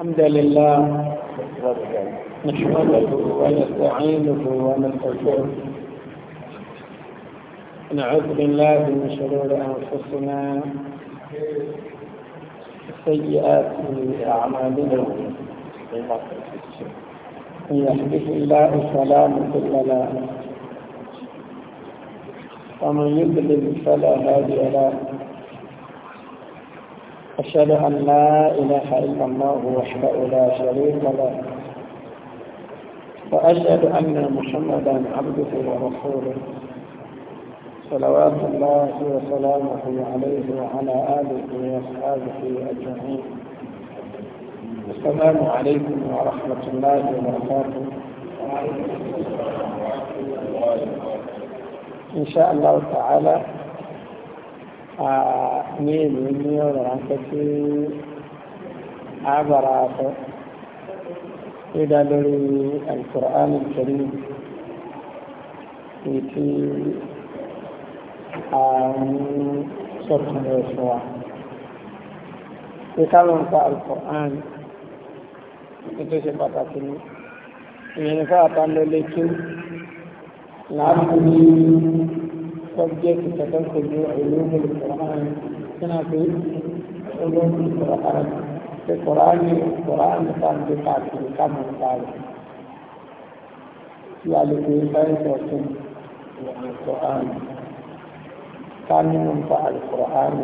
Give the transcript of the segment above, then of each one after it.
الحمد لله نحمده ونستعينه ونستغفره نعوذ بالله من شرور انفسنا سيئات اعمالنا من يحبه الله فلا مضل له ومن يضلل فلا هادي له أشهد أن لا إله إلا الله وحده لا شريك له وأشهد أن محمدا عبده ورسوله صلوات الله وسلامه عليه وعلى آله وأصحابه أجمعين السلام عليكم ورحمة الله وبركاته إن شاء الله تعالى ní èlò ní ọ̀rọ̀ ránpẹ́ tí a bára sọ ní dá lórí Al-Qur'an Al-Karim èyí tí a ń sọ̀tún rẹ̀ fún wa. Ìkálọ̀ ń pa Al-Qur'an ní subject da kanka zo a ilimin Qur'an suna da ilimin Qur'an da Qur'ani Qur'an da kan da ta ce kamar tsari ya lafi science of Qur'an kanin fa al-Qur'an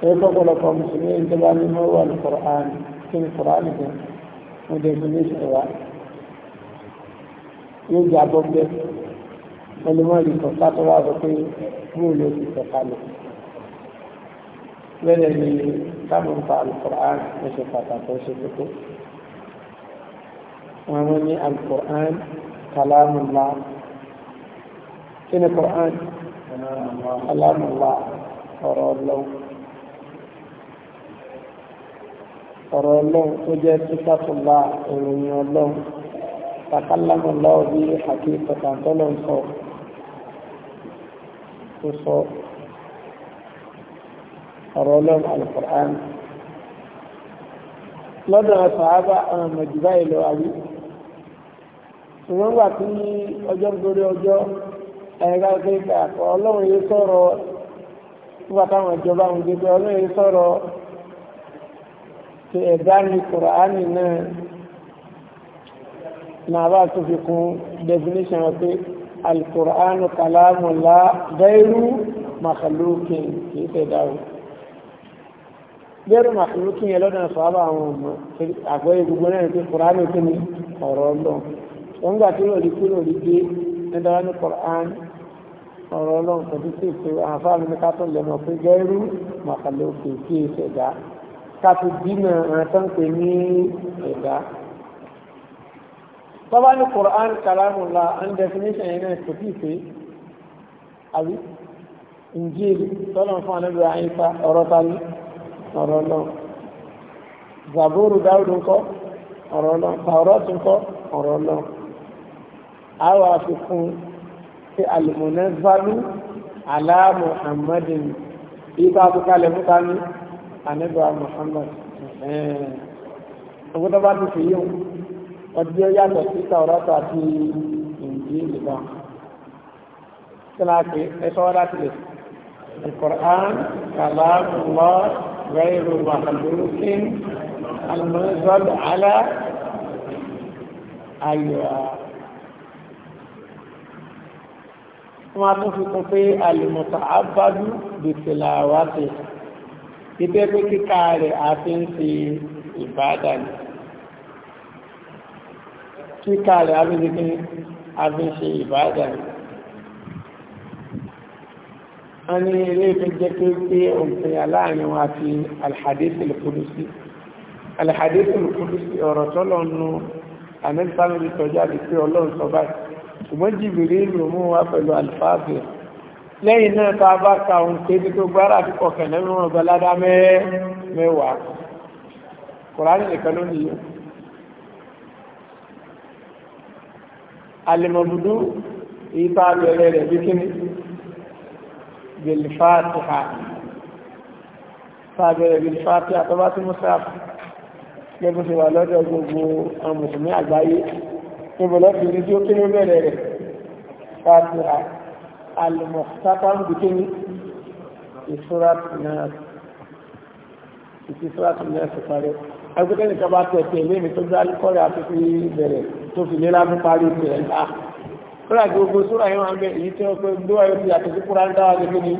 sai ka kula ko musulmi da ba ni mawa al-Qur'an kin Qur'an ne mu da ne shi ba yóò jẹ abọ́ ẹlòmọ́ọ̀lì kan sátọ́ wá sọ pé mú ló ti sọ̀kalẹ̀ bẹ́ẹ̀ ni táwọn fa alukur'an ẹ ṣe pàtàkì ó ṣe kókó wọn wọn ní alukur'an kalamullah kí ni kur'an kalamullah ọ̀rọ̀ ọlọ́wọ́ ọ̀rọ̀ ọlọ́run tó jẹ́ sísàtúlá ìròyìn ọlọ́run tàkàlámù lọ́wọ́ bí àti ìtọ̀tàntọ́lọ́ ń sọ tó sọ ọ̀rọ̀ ọlọ́run alùpùrán lọ́dọ̀ sàábà àwọn mẹ̀jùbá ìlọ àwí ṣùgbọ́n gbà tí ọjọ́ gorí ọjọ́ ẹ̀ka ṣe ìgbà àpọ̀ ọlọ́run yìí sọ̀rọ̀ nígbà táwọn ìjọba ń gbé pé ọlọ́run yìí sọ̀rọ̀ ti ẹ̀dá alkùránù kàlámùlá gairu makhlukin kìí fẹ́ dáwò gairu makhlukin yẹn lọ́dọ̀ sọ́ọ́bà àwọn ọmọ àgbẹ̀yẹ gbogbo náà ti kùránù kí ni ọ̀rọ̀ ọlọ́run wọ́n gbà tí lòdì kí lòdì dé nítorí ní kùránù ọ̀rọ̀ ọlọ́run kò tí sì pé àǹfààní ní ká tó lè mọ̀ pé gairu makhlukin kìí fẹ́ dá ká ti dínà àtọ́ǹpẹ̀ ní ẹ̀dá tọ́ba ní Quran kalamullah and definition yẹn náà kò tíì pé àbí Injil tọ́lọ̀ fún anábì àyíká ọ̀rọ̀ ta ní ọ̀rọ̀ náà Zaburu Dáúdù ńkọ́ ọ̀rọ̀ náà Tàwọ́rọ́tù ńkọ́ ọ̀rọ̀ náà àwọn àfikún ti al-munazzalu ala Muhammadin ìgbà àbúkalẹ̀ fún ta ní anábì Muhammad ẹ̀ẹ́n ọgbọ́dọ̀ bá ti fi yíwọ̀n wọ́n ti jẹ́ yàtọ̀ sí tàwọ́rọ́tọ̀ àti ìdí nìkan kíláàsì ẹ̀ṣọ́ láti lè القرآن كلام الله غير مخلوق المنزل على أيوة wọ́n tún fi kún pé àlùmọ̀tà ábádú bìtìlà wáṣẹ̀ kíkà rẹ̀ àti ń ṣe ìbádàní kíkà rẹ̀ abínibí abínṣe ìbáàdàn a ní ilé ìfẹ́jẹ́ pé pé òǹfẹ́ aláàrin wọn àti alhadith al-kudusi alhadith al-kudusi ọ̀rọ̀ tọ́lọ̀ nù anẹ́sàmìlì tọ́já lè pé ọlọ́run sọ báyìí ṣùgbọ́n jìbìrì ìlú mú wá pẹ̀lú alifáàbì lẹ́yìn náà tá a bá ka òun pé bí tó gbára àti kọ̀kẹ́ lẹ́nu ọ̀gbẹ́ládá mẹ́wàá kùránì nìkan ló alìmọ̀dúdú ìta bẹ̀rẹ̀ rẹ̀ bí kíní bilfatiha sábẹ̀rẹ̀ bilfatiha tó bá tí mú sáàfù gẹ́gùn ti wà lọ́dọ̀ gbogbo àwọn mùsùlùmí àgbáyé ìbọ̀lọ́pìnrin tí ó kí ní bẹ̀rẹ̀ rẹ̀ fatiha alìmọ̀sápá ń bí kíní ìsúrátù náà ìsúrátù náà sì parẹ́ agbẹ́kẹ́ nìkan bá tẹ̀ tẹ̀lé mi tó gbá kọ́rẹ́ àti fi bẹ̀rẹ̀ tó fi lé lábú parí ìpè ẹ̀ka kódà tí gbogbo sóra yẹn máa ń bẹ èyí tí wọ́n pé gbé wáyé ti àtẹ̀sí kúrá ń dáwà gẹ́gẹ́ ní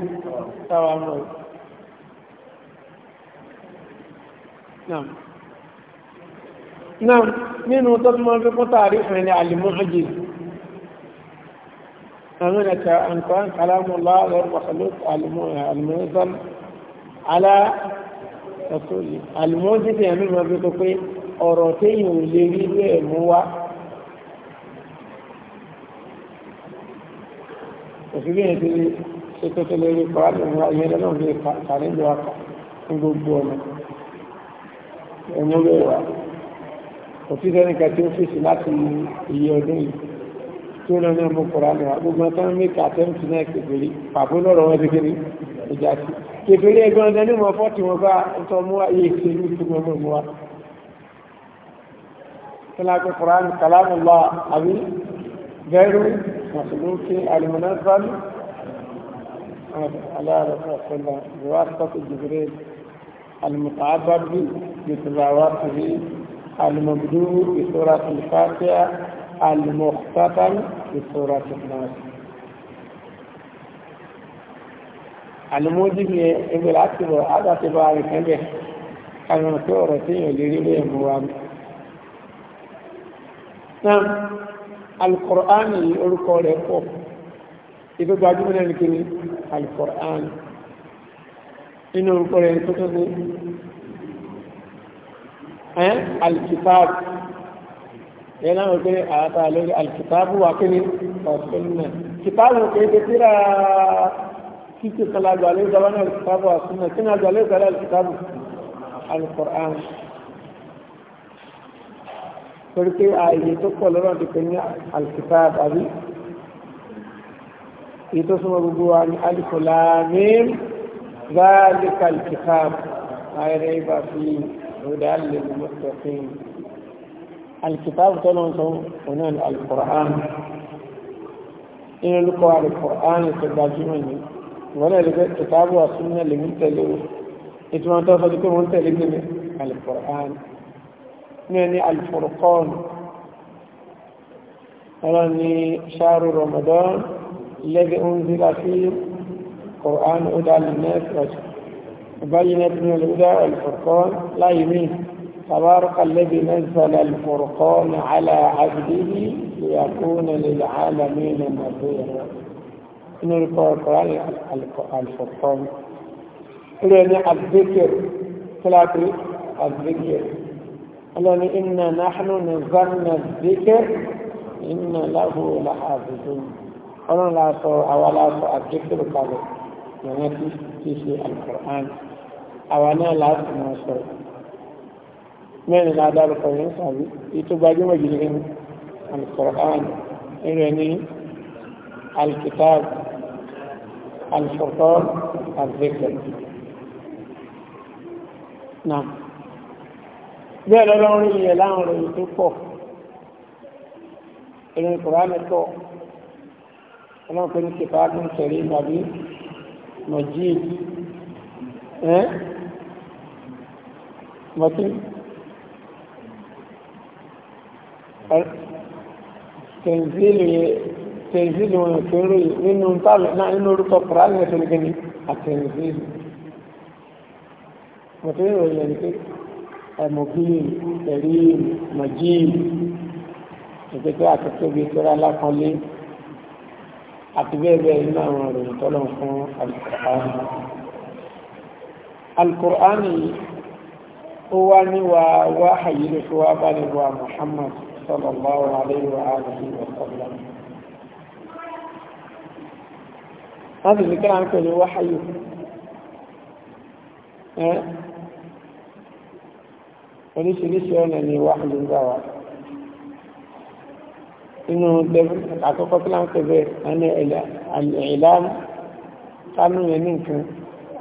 táwa mọ̀ náà nínú tó tún máa ń fi kún tààrí fún ẹni àlìmọ́ ọjì àwọn ẹ̀ka nǹkan kàlámùlá lọ́rọ̀ pàṣẹlú àlìmọ́ ẹ̀sán alá ẹ̀sọ́ yìí àlìmọ́ ọjì ti ẹ̀mí máa fi kó pé ọ̀rọ̀ téèyàn ò lè rí bẹ́ẹ̀ mú wá kò sí bẹ́ẹ̀ ti ṣe tẹ́tẹ́ lórí kọ́rádì ní ayé lọ́nà lè kà nílò ọkà ní gbogbo ọmọ ẹ̀mú lè wà kò sí sẹ́ni kan tí ó fèsì láti iye ọdún yìí tí ó lọ ní ọmọ kọ́rádì wa gbogbo ọtá ń mẹ́kà àtẹ́mùtì náà kékeré pàbó lọ́rọ̀ wọn kékeré ìjà sí kékeré ẹgbẹ́ ọdún ní mọ̀ fọ́tì wọn bá ọtọ́ mú ayé ìṣèlú ìṣèlú ọmọ wa. غير مخلوق المنظم على رسول الله بواسطة جبريل المتعبر بتلاوته المبدوء بسورة الفاتحة المختتم بسورة الناس الموجب بالعكس هذا اعتبار كبير كان مسورة يجري به نعم alukur'ani orúkọ rẹ̀ pọ̀ ibi gbajúmọ̀ náà nìkan ní alukur'ani inú orúkọ rẹ̀ tó tó ní ẹ́ alikitaabu yẹn náà wọ́n pé àtà lórí alikitaabu wà kí ni ọ̀sán náà kitaabu kò ṣe tíra títí kan lágbàlẹ́ náà alikitaabu wà sún náà kí ni àgbàlẹ́ ìjọba alikitaabu alukur'ani torí pé ààyè tó pọ̀ lọ́nà ti pè ní alkitab àbí èyí tó súnmọ́ gbogbo wa ní alifulamin zalika alkitab ayẹrẹ ibà fi rúdà lè mú mọ́tòfin alkitab tó lọ́n tó òní àni alkur'an inú olùkọ́ alkur'an tó gbajúmọ̀ ni wọ́n lè lè kitabu wa sunna lè mú tẹ̀lé o ìtumọ̀ tó sọ pé wọ́n tẹ̀lé ní alkur'an ní alfurqan ọlọ́run ní ṣáàrù ramadan lẹ́gbẹ̀ oúnjẹ́lá sí ƙorán ọdálì nẹ́fẹ̀ẹ́ بينت من الهدى والفرقان لا يمين تبارك الذي نزل الفرقان على عبده ليكون للعالمين نذيرا inú orúkọ ọlọ́ni iná náhánú ní gánà dékẹ́ iná láhù láhàbùdó ọlọ́run láàtọ̀ àwa láàtọ̀ àdékèrè kalẹ̀ ìrìn tí ti ṣe alukur'an àwa náà láti máa sọ mẹ́rin náà dárúkọ yẹn sàbí ètò gbajúmọ̀ jù ní alukur'an ìrìn ní alkitab alfurqan àdékèrè náà bẹ́ẹ̀ lọ́lọ́run yẹ láwọn ìròyìn tó pọ̀ ìròyìn kùránì pọ̀ ọlọ́run pé ní kìfà tó ń tẹ̀lé tàbí mọ̀jíìn ẹ́ mọ̀tí tẹ̀sílì wọn tó ń ròyìn nínú tábìlì náà nínú orúkọ kùránì ẹ̀ tó ń gbé ní àtẹ̀sílì mọ̀tí ìròyìn ẹ̀ mubin karim majid ètò pé àtúntóbi tóra lápọ́nlé àti bẹ́ẹ̀ bẹ́ẹ̀ nínú àwọn ìròyìn tọ́lọ̀ fún alukur'an alukur'an ó wá níwà wá àyílẹ̀ tó wá bá níwà muhammad sallallahu alayhi wa oríṣiríṣi ọ̀nà ni wà ló ń gbà wá inú àkọ́kọ́ tí láǹkẹ́ bẹ́ẹ̀ ẹni ìlàm kánú yẹn ní nǹkan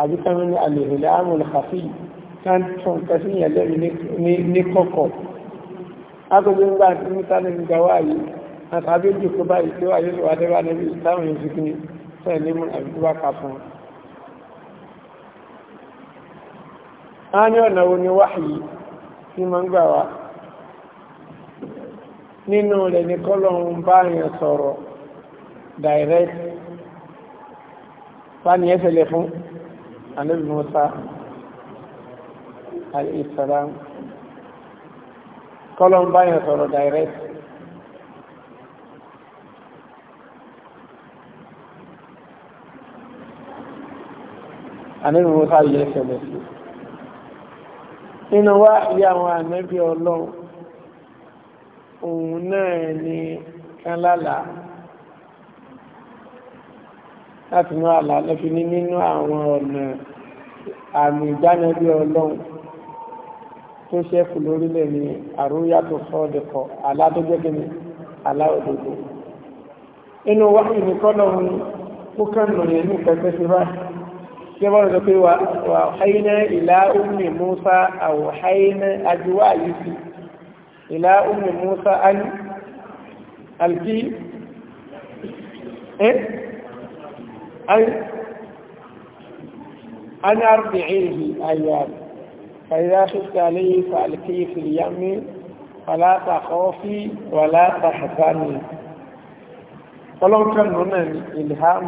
àbí kánú ní àlèhìláàmù lẹ́kàfí káńtún kẹsí yẹn lẹ́rù ní kọ́kọ́ agbègbè ń gbà ní sáré ń gbà wáyé àtàbí ọ̀nà wo ni wáyé tí máa ń gbà wá nínú rẹ̀ ní kọ́lọ́run bá yẹn sọ̀rọ̀ direct fani ẹsẹ̀lẹ̀ fún anabi al Islam kọ́lọ́run bá yẹn sọ̀rọ̀ direct anabi musa yẹn ẹsẹ̀lẹ̀ fún nínú wá ìyá àwọn ànábì ọlọ́run òun náà ni kánlálà láti mú àlá lọ́fi ní nínú àwọn ọ̀nà àmì ìdánilẹ́bí ọlọ́run tó ṣẹ́kù lórílẹ̀ ní àrúyá tó sọ́ọ̀dẹ̀kọ̀ àlá tó jẹ́gẹ́ ní àlá òdodo inú wáyé nìkan lọ́run ó kàn lòyẹ̀ ní pẹ́pẹ́ sí báyìí sẹ́wọ́n lọ pé wà ọ̀háínà ìlà ummi musa àwọ̀háínà àjúwà yìí sí ìlà ummi musa an alki eh an arbi'ihi ayyam فإذا خفت عليه فألقيه في اليم فلا تخافي ولا تحزني. ولو كان هنا إلهام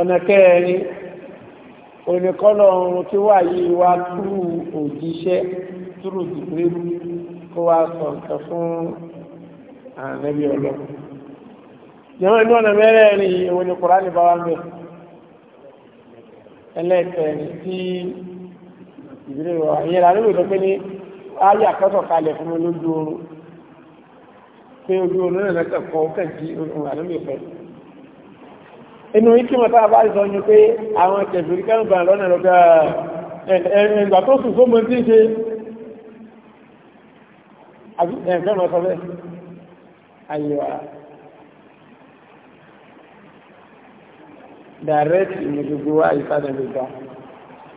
ọ̀nà kẹrin oníkọ́lọ̀ ọ̀run tí wà yìí wá túrú òjíṣẹ́ túrú dìbìrì kó wá sọ nǹkan fún ànábì ọlọ́run jẹ́wọ́n inú ọ̀nà mẹ́rẹ̀ẹ̀rin òun ni kùránì bá wá mẹ́ ẹlẹ́ẹ̀kẹrin tí ìbílẹ̀ rọ̀ àyẹ̀rẹ̀ àríwò tó pé ní ayé àkọ́tọ̀ kalẹ̀ fún mi lójú pé ojú oorun náà lẹ́kẹ̀ẹ́ kẹ́ǹtì òun ànábì ọlọ́run inú ìkímọ̀ tá a bá sọ ní pé àwọn kẹfìrí kẹ́rùn-ún lọ́nà lọ́gbà ẹ̀rìngbà tó sùn fún mọ́ tí ṣe ẹ̀fẹ́mọ̀ sọ bẹ́ẹ̀ àyíwá direct ní gbogbo àyíkáda gbogbo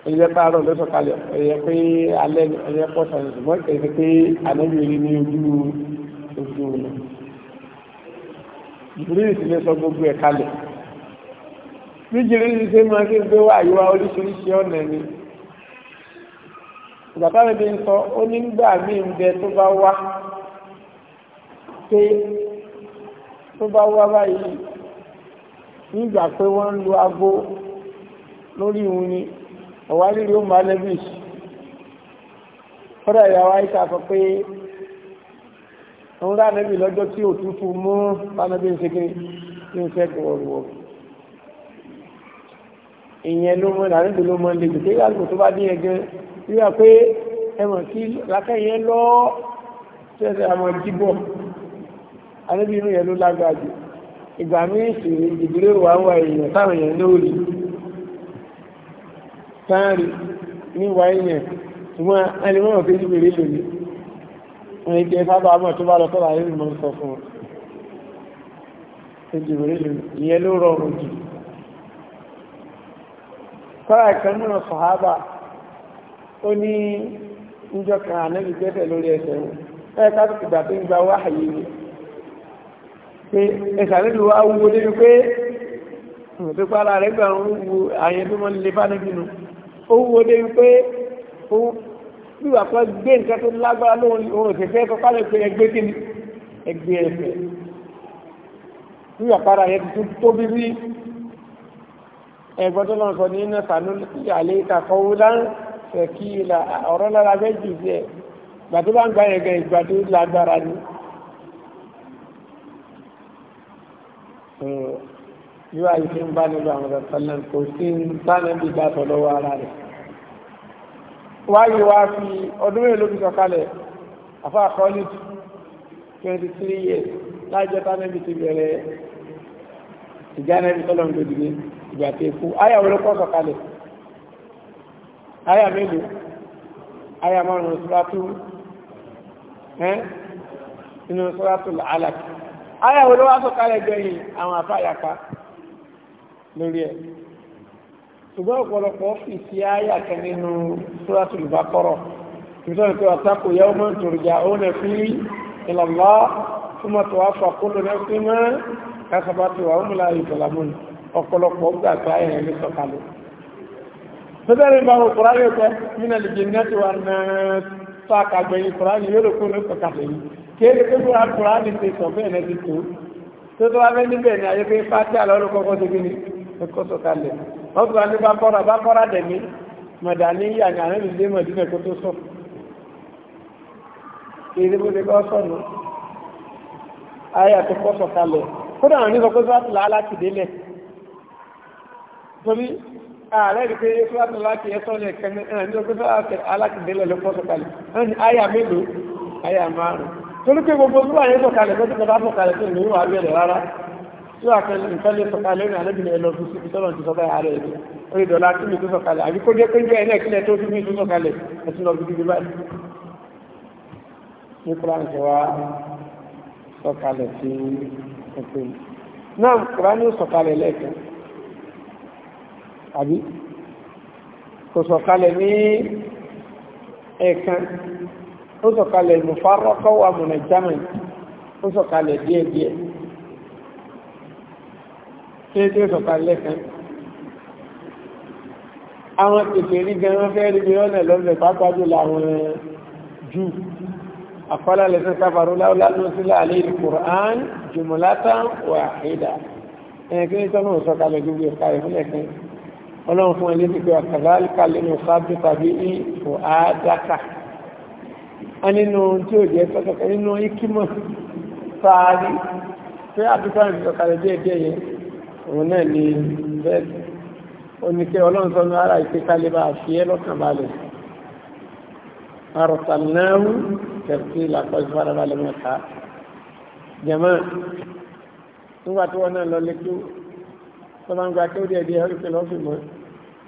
ẹ̀yẹ pààrọ̀ ló sọ̀kalẹ̀ ẹ̀yẹ pé alẹ́ ẹ̀yẹ pọ̀ sọ̀rọ̀ ṣùgbọ́n kẹfì pé àlẹ́bìnrin ní ojú ojú ọ̀nà ìbílẹ̀ ìsìnlẹ̀ sọ gbogbo ẹ̀ kalẹ̀ níjìrí ṣe máa ṣe gbé wà yíwá oríṣiríṣi ọ̀nà ni ìgbàtàrí bí n sọ ó ní gbà mí ń bẹ tó bá wá pé tó bá wá báyìí nígbà pé wọ́n ń lo aago lórí ìhun ni ọ̀wá líle ó máa lẹ́bí kódà ìyàwó àìsà sọ pé òun rà nẹ́bí lọ́jọ́ tí òtútù mú rà nẹ́bí ń ṣe kí ń fẹ́ gbọ́rọ̀wọ̀rọ̀ ìyẹn ló mọ ìlànà ìgbò ló mọ ilé gbèsè ìyàgbò tó bá dín ẹgbẹ́ wíwá pé ẹmọ̀ sí lákẹ́yẹ lọ tẹ́lẹ̀ àmọ́ jíbọ̀ alẹ́bí inú yẹn ló lágbára jù ìgbà míì sì ìdílé wà wà èèyàn táwọn èèyàn lórí sáárì níwà èèyàn ṣùgbọ́n ẹni mọ́mọ́ pé níbi èrè lòdì wọn ni jẹ́ sábà mọ̀ tó bá lọ sọ́dọ̀ ayé sọ fún wọn ìyẹn ló rọrùn jù kọ́ra ìkan náà sọ̀hábà ó ní níjọ́ kan ànábì gbẹ́sẹ̀ lórí ẹsẹ̀ wọn ẹ̀ ká tó ti gbà tó ń gba wáhàyè ni pé ẹ̀sà níbi wá wúwo débi pé tó pàdà rẹ̀ gbà ń wo àyẹ̀ tó mọ́ nílé fánibí nu ó wúwo débi pé bí ẹgbọ́n tó lọ́n sọ ní iná sànú sí àlẹ́ ìtàkọ́wó láńsẹ̀ kí ilà ọ̀rọ̀ lára méjì sí ẹ̀ ìgbà tó bá ń gba ẹ̀gẹ̀ ìgbà tó lágbára ni. yóò àyè tí ń bá nílò àwọn ọ̀sán kò sí ń bá níbi ìdásọ̀ lọ́wọ́ ara rẹ̀. wáyé wá fi ọdún mélòó ló fi sọ̀kalẹ̀ àfa àkọọ́lìtì twenty three years láìjọ́ta níbi ti bẹ̀rẹ̀ ìjà níbi tọ́lọ́ ń gbèdìgbé ìgbà tó kú àyà wọlé kọ́ sọ̀kalẹ̀ àyà mélòó àyà márùn-ún sọ́látù ẹ́ inú sọ́látù alàkì àyà wọlé wá sọ̀kalẹ̀ gbẹ̀yìn àwọn àfáyàpá lórí ẹ̀ ṣùgbọ́n ọ̀pọ̀lọpọ̀ ọ́fíìsì àyà kan nínú sọ́látù lùbákọ́rọ̀ nítorí pé ọ̀tàkù yẹ́ ọmọ ìtòrìjà ó nẹ fi ìlọ̀lọ́ fún mọ́tò wá fà kúlù náà sí mọ́ kásábàtì wà ó mú láàyè ìtọ̀lámọ́nù ọ̀pọ̀lọpọ̀ gbà tó ayé rẹ̀ ló sọ̀kalẹ̀. Sọ́dọ̀rì bá wọn Kùránì ọ̀tẹ́ nínú ìjì nẹ́tì wa náà tó àkàgbẹ̀yìn Kùránì yóò kó ló sọ̀kalẹ̀ yìí. Kéèrè tó bá Kùránì ti sọ bẹ́ẹ̀ náà ti tó. Tó tó wá bẹ́ẹ̀ níbẹ̀ ni ayé pé pátí àlọ́rọ̀ kọ́kọ́ ti gbé ní ẹ̀kọ́ sọ̀kalẹ̀. Wọ́n tó wá ní bá kọ́ra bá kọ́ra dẹ̀mí. Mọ̀dàní yà ní àárín ìdílé mọ̀dínà kó tó sọ. Èdè bó ti kọ́ sọ̀nù. Ayé àti kọ́ pé sọ́tù làálàá délẹ̀ torí ààrẹ rí pé fúlàtí láti ẹ̀sọ́ ní ẹ̀kẹ́ ní ọdún alákìdélẹ̀ ló pọ̀ sọ̀kalẹ̀ wọ́n ní àyà mélòó àyà márùn-ún torí pé gbogbo tó àyè sọ̀kalẹ̀ tó ti kọ́ bá sọ̀kalẹ̀ tó ní wà bẹ̀rẹ̀ rárá tí wà kan nǹkan lè sọ̀kalẹ̀ ní alẹ́bìnrin ẹ̀lọ́ fi síbi tọ́lọ̀ ti sọ́kà ààrẹ rẹ̀ orí dọ̀là tí mi tó sọ̀kalẹ̀ àbí kó jẹ́ pé jẹ́ ẹ̀lẹ́ kílẹ̀ tó fi mi tó sọ̀kalẹ̀ ẹ̀sìn lọ gidi báyìí ní kúrán ti wá sọ̀kalẹ̀ sí òkè náà kúrán ní sọ̀kalẹ̀ lẹ́ẹ̀kan àbí kò sọ̀kalẹ̀ ní ẹ̀kan ó sọ̀kalẹ̀ mufarọ́kọ́ wa mọ̀nà german ó sọ̀kalẹ̀ díẹ̀díẹ̀ tí ó tí ó sọ̀kalẹ̀ kan àwọn tètè rí gan wọ́n fẹ́ rí bí ọ̀nà lọ́nà pápájú láwọn jù àkọ́lá lẹ́sẹ̀ sábàrú láwọ́lá ló sílẹ̀ àlẹ́ ọlọ́run fún ẹni pípẹ́ àkàzálíkà lẹ́nu sábẹ́ tàbí ní ìfò àádáka a nínú tí ó jẹ́ pẹ́kẹ́kẹ́ nínú ikímọ̀ sáárí pé àbíkọ́ ìtọ̀kalẹ̀ díẹ̀ díẹ̀ yẹn òun náà ni bẹ́ẹ̀ ó ní kí ọlọ́run sọ́nù ara ìpẹ́kalẹ̀ bá fi ẹ́ lọ́kàn balẹ̀ arọ̀tàlẹ́rù tẹ̀sí làkọ́ ìfarabalẹ̀ mẹ́ta jẹ́mọ́ nígbà tí wọ́n náà lọ lé tó ń gba tó díẹ̀ díẹ̀ ó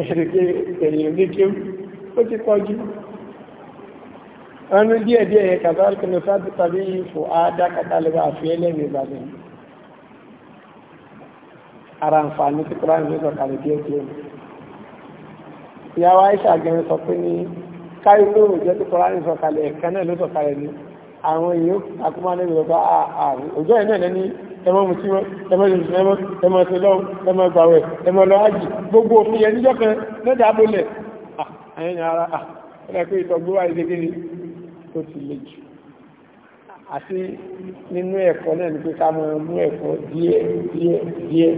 ẹ̀rẹ̀kẹ́ ẹ̀yìn oníkẹ́ ó ti kọjú ọ̀nà díẹ̀ díẹ̀ kàtàkùnù sáàtì tàbí ìfò àádá kàtàlẹ́bà àfi ẹlẹ́rìí ìbàdàn ara àǹfààní tí kúránì ní sọ̀kalẹ̀ díẹ̀ díẹ̀ ìyàwó aisha gẹ̀rẹ́ sọ pé ní káyọ̀ ló jẹ́ tí kúránì sọ̀kalẹ̀ ẹ̀kan náà ló sọ̀kalẹ̀ ní àwọn èèyàn akúmọ̀ níbi lọ́gbà ààrùn òjò ẹ̀ náà lẹ́ni ẹmọ mutí mọ́ ẹmọ jùlọ ẹmọ ẹmọ ṣẹlọ ẹmọ gbàwẹ̀ ẹmọ lọ ájì gbogbo òfin yẹn níjọ́ kan mẹ́ta abolẹ̀ àyẹn yẹn ara ẹ̀rẹ́ pé ìtọ́gbó wà ìdégé ni tó ti le jù àti nínú ẹ̀kọ́ náà ni pé ká mọ mú ẹ̀kọ́ díẹ̀ díẹ̀ díẹ̀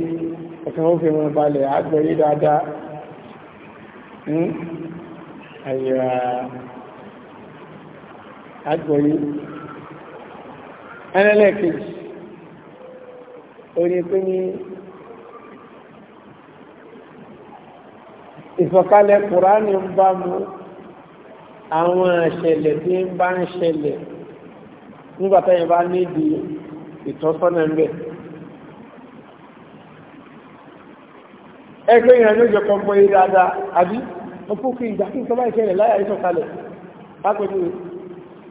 ẹ̀kan ó fi mọ balẹ̀ àgbẹ̀rí dáadáa hmm? àyà àgbẹ̀rí ẹnẹ́lẹ́kejì orí pé ní ìfọ̀kalẹ̀ kùránì ń bá mu àwọn àṣẹlẹ̀ tí ń bá ń ṣẹlẹ̀ nígbà táyẹ̀ bá nídìí ìtọ́sọ́nà ń bẹ̀. ẹgbẹ́ ìrìn àjò kan mọ eré dáadáa àbí ọkọ̀ kí ìgbà kí nǹkan bá ìṣẹ̀lẹ̀ láyà ìṣọ̀kalẹ̀ lápẹ̀lú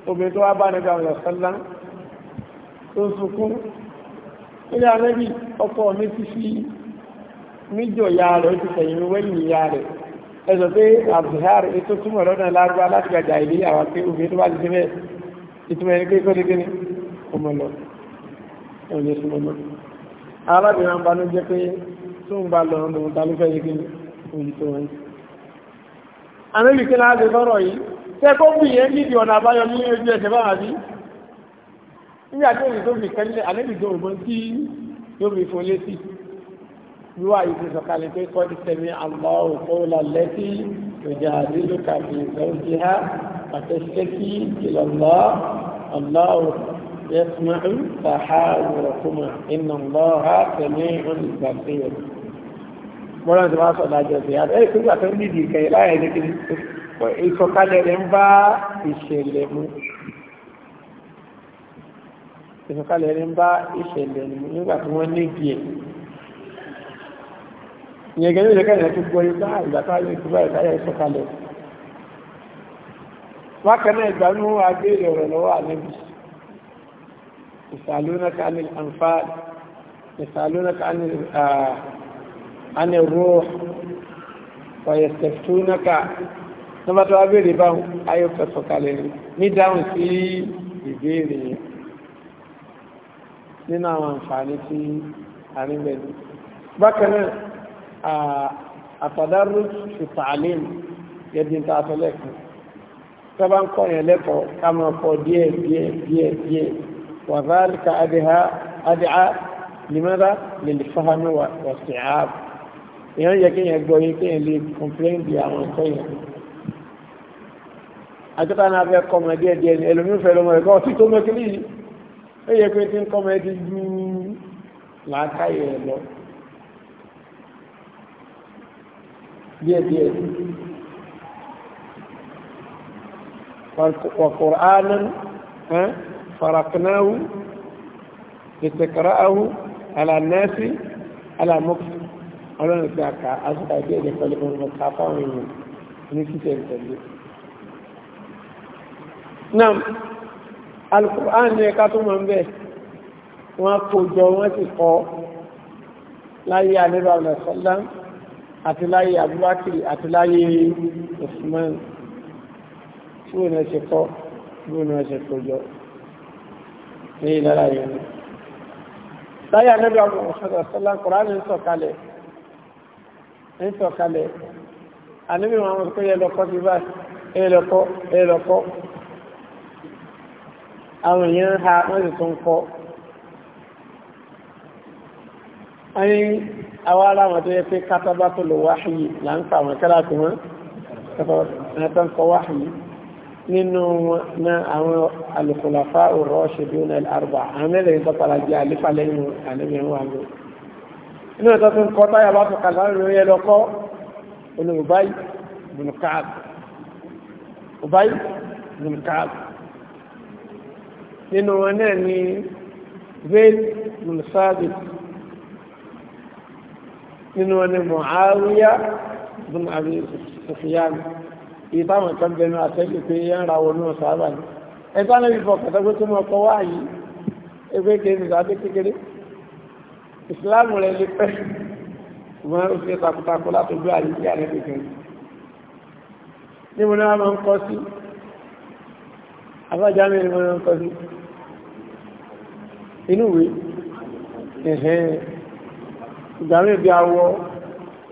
obìnrin tó wá bá nígbà ọ̀sán lá tó ń sunkún ilé anẹ́bí ọkọ mi ti fi níjọ ya rẹ̀ ó ti fẹ̀yìn mi wẹ́yìn ìyá rẹ̀ ẹ̀sọ̀ pé abdulhar ètò túmọ̀ lọ́nà lárúbá láti gbàjà ìlú àwọn pé obìnrin tó bá ti débẹ̀ ìtumọ̀ ẹni pé kọ́lé kíni ọmọ lọ ẹ̀yẹ súnmọ́ lọ. arábìnrin bá ló jẹ́ pé tó ń bá lọ lòun ta ló fẹ́ yé kíni òyì tó wọn. anẹ́bí kí láti lọ́rọ̀ yìí tẹ́kọ́ bù yẹn nídìí ọ̀nà àbáyọ ní ojú ẹsẹ̀ báwọn àbí níbi àtẹ́bí tó fi kẹ́lẹ́ àlẹ́bí tó gbọ́n tí yóò fi fún létí wíwá ìdí sọ̀kalẹ̀ pé kọ́ ti tẹ̀mí àlọ́ òkúrọ̀lá lẹ́tí ìjà àdílù kàfí ìgbẹ́wùjì ha àtẹ́sẹ́kì ìlọ́lọ́ الله يسمع تحاوركما إن الله سميع بصير mọ́lá ti máa sọ̀dá jẹ́ sí àti ẹ̀kú ìgbà tó ń dìdì ìkẹyẹ láyé ní kí ìsọ̀kalẹ̀ rẹ̀ ń ìfìkalẹ̀ ẹni bá ìṣẹ̀lẹ̀ nígbà tí wọ́n ní bí ẹ̀ ìyẹn gẹ́gẹ́ ìrẹ́kẹ́ ìrẹ́ tó gbọ́ ipá ah, ìgbàtà yóò tó báyìí láyé ìṣọ̀kalẹ̀ wákanáà ìgbàmú agbèrè ọ̀rọ̀ lọ́wọ́ ànábì ìsàlónàkà ah, ní àǹfà ìsàlónàkà ní rúọ̀ ọ̀yẹ̀sẹ̀túnàkà nígbàtà wá bèèrè báwọn ayọ́kẹ́ sọ̀kalẹ̀ ní dáhùn sí ìbéèrè yẹn nínú àwọn àǹfààní tí a ní bẹ̀rẹ̀. bákan náà àtàdárú fi tààlìm yẹ́dí ta àtọ́lẹ́kùn sábà ń kọ́ yẹn lẹ́kọ̀ọ́ ká máa kọ́ díẹ̀ díẹ̀ díẹ̀ díẹ̀ wà záàlìkà adìhá lìmọ́dá lè lè fáhámi wà sí ààbò èèyàn yẹ kéèyàn gbọ́ yé náà fẹ́ kọ́ díẹ̀ díẹ̀ ni ẹlòmíì fẹ́ lọ́mọ ẹ̀kọ́ ọtí tó yìí ó yẹ pé tí ń kọ́mọ ẹ ti ju làákàyè ẹ lọ díẹ̀díẹ̀ وقرآنا فرقناه لتقرأه على الناس على مكتب ọlọ́run ti àkà àṣìkà ìdí ẹ̀jẹ̀ pẹ̀lú ọmọ ká fáwọn èèyàn ní títẹ̀ ìtẹ̀lé alukur'an ní ẹka tó máa ń bẹ̀ wọ́n kó jọ wọ́n sì kọ́ láyé alẹ́bàá ọ̀lẹ́sọ́lá àti láyé abubakar àti láyé usman tí wọ́n ṣe kọ́ bí wọ́n ṣe kó jọ ní ìlara yẹn láyé alẹ́bàá ọ̀lẹ́sọ́lá kùránì ń sọ̀kalẹ̀ ń sọ̀kalẹ̀ àníbí wọn kó yẹ lọ́kọ́ àwọn èèyàn ha wọ́n sì tún kọ́ ayé àwọn aláwọ̀ tó yẹ pé kátàbá tó lò wáhìí là ń pa àwọn kẹ́lá tó wọ́n kátàbá tó wáhìí nínú na àwọn alùkùnláfà òrò ṣèdún àrùbà àwọn mẹ́lẹ̀ ń tọ́pàá jẹ́ àlífà lẹ́yìn àlẹ́mìíràn wà lọ nínú wọn náà ni zayd bin sabit nínú wọn ni muawiya bin abi sufyan èyí táwọn kan bẹnu àtẹ́lẹ̀ pé yẹn ra wọn náà sábà ní ẹgbẹ́ náà fífọ kàtàkùn tó máa kọ́ wá yìí ẹgbẹ́ kéènì sábẹ́ kékeré ìsìláàmù rẹ̀ lè pẹ́ ṣùgbọ́n ó ṣe takuntakun láti gbé àyíká kékeré ní mo náà máa ń kọ́ sí àbájá mẹ́rin mọ́ ń kọ́ sí inú ìwé ẹ̀hẹ́n ìgbàmí bí awọ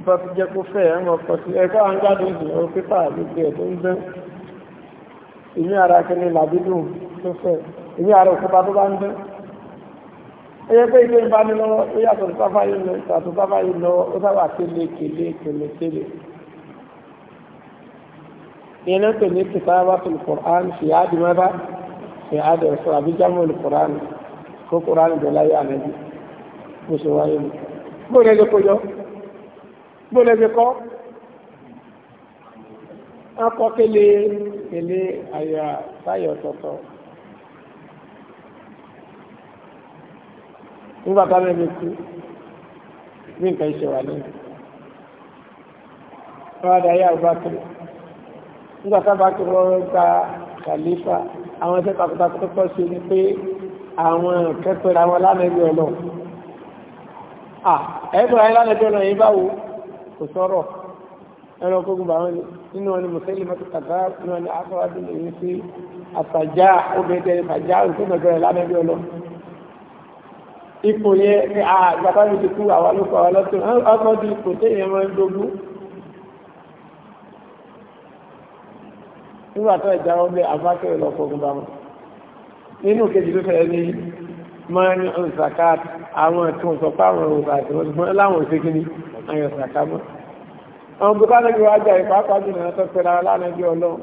bá fi jẹ́ kó fẹ́ ẹ̀mọ́ kọ́ sí ẹ̀kọ́ àwọn gbádùn sí ọ̀rọ̀ pípà gbogbo ẹ̀ tó ń bẹ́ ìní ara kẹni làbídùn tó fẹ́ ìní ara òkúta tó bá ń bẹ́ ó yẹ pé ìgbé ń bá ní ó yàtọ̀ sáfáyé lọ ó sábà kéle kéle ìyẹn náà pè ní kitabatul Qur'an fìyàdì mẹ́ta fìyàdì ẹ̀sọ́ àbí jámọ̀lù Qur'an kó Qur'an bẹ̀ láyé ànábì bó ṣe wáyé mu. bóòlù ẹgbẹ́ kojọ́ bóòlù ẹgbẹ́ kọ́ akọ kele kele àyà táyọ̀ tọ̀tọ̀. nígbà táwọn ẹni kú bí nǹkan ìṣèwà lẹ́yìn. wọ́n á dá yá ọba kiri nígbà tábà tó rọrọ gba kàlífà àwọn ẹgbẹ́ takuntakun tó pọ̀ sí ni pé àwọn kẹ́pẹ́rẹ́ àwọn lánàbí ọlọ́ ẹgbẹ́ ayé lánàbí ọlọ́ yìí báwo kò sọ̀rọ̀ ẹ̀rọ kógun bá wọn nínú wọn ni mùsùlùmí mọ́tò kàtà nínú wọn ni afọwájú lè yí sí àtàjá obìnrin tẹ̀lé tàjá òṣèlú ọgbẹ̀rẹ̀ lánàbí ọlọ́ ipò yẹ àgbàtà mi ti kú àwọn alókọ̀ àwọn ọlọ́tún ọkọ̀ di ipò téèyàn máa ń dogun nígbà tó ẹja wọn bẹ abákẹ́ lọ fọgùn bá wọn nínú kejì tó fẹ́ ní mọ́ni ọ̀sàkát àwọn ẹ̀tún sọ fáwọn òǹkà àti wọ́n mọ́ láwọn òṣèké ní ayọ̀ sàká mọ́ àwọn bùkà lẹ́gbẹ̀ẹ́ wá jà ìpá pàdé náà tó pẹ̀lú ara lánàá bí ọlọ́run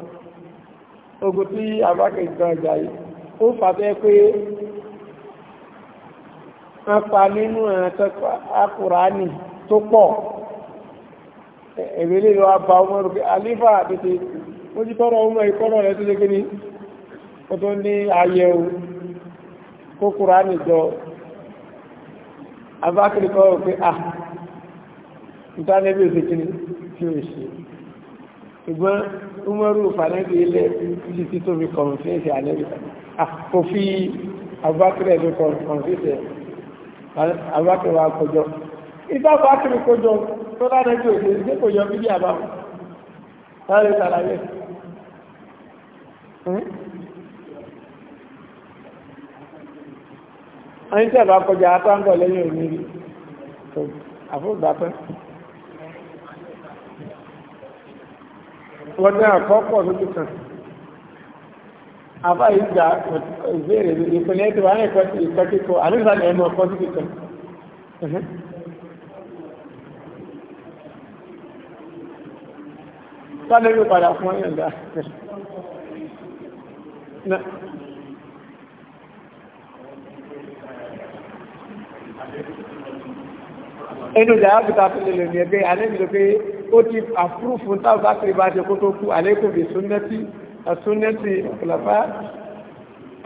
ogun tí abákẹ́ ìjọ ọjà tó ó ti kọ́rọ̀ ọmọ ìkọ́rọ̀ rẹ̀ tó lé kíní ó tó ní ayẹwo kókòrò ànìjọ abákìrì kọ́ pé à ah, ìtànẹ́bí òsè kíní tí ó ṣe ṣùgbọ́n umaru fanẹ́bí ilẹ̀ títí tí tó fi kọ̀ǹfẹ́sì ànẹ́bí ah, kò fi abákìrì ẹ̀dùn kọ̀ǹfẹ́sì abákìrì wa kọjọ ìtàn abákìrì kọjọ tó lánàá bí òsè ṣé kò yọ bíbí àbáwọn láti ṣàlàyé ẹni tí ẹ̀bá kọjá àtàǹdọ̀ lẹ́yìn òní rí tó àfúgbàpẹ́ wọ́n ní àkọ́kọ́ lójú kan àbá ìgbà ìbéèrè ìpínlẹ̀ èdè wà ní ìkọ́ kíkọ́ àníṣà ní ẹnu ọkọ́ lójú kan sáré ló padà fún ẹ̀yàn dáa ẹnu ìdáyà bìtà fílẹ̀ lè ní ẹgbẹ́ alẹ́bìlò pé ó ti àfúrúfù táwọn àkìrí bá ti kó tó kú alẹ́kùn bí súnnẹ́tì súnnẹ́tì ọ̀pọ̀lọpá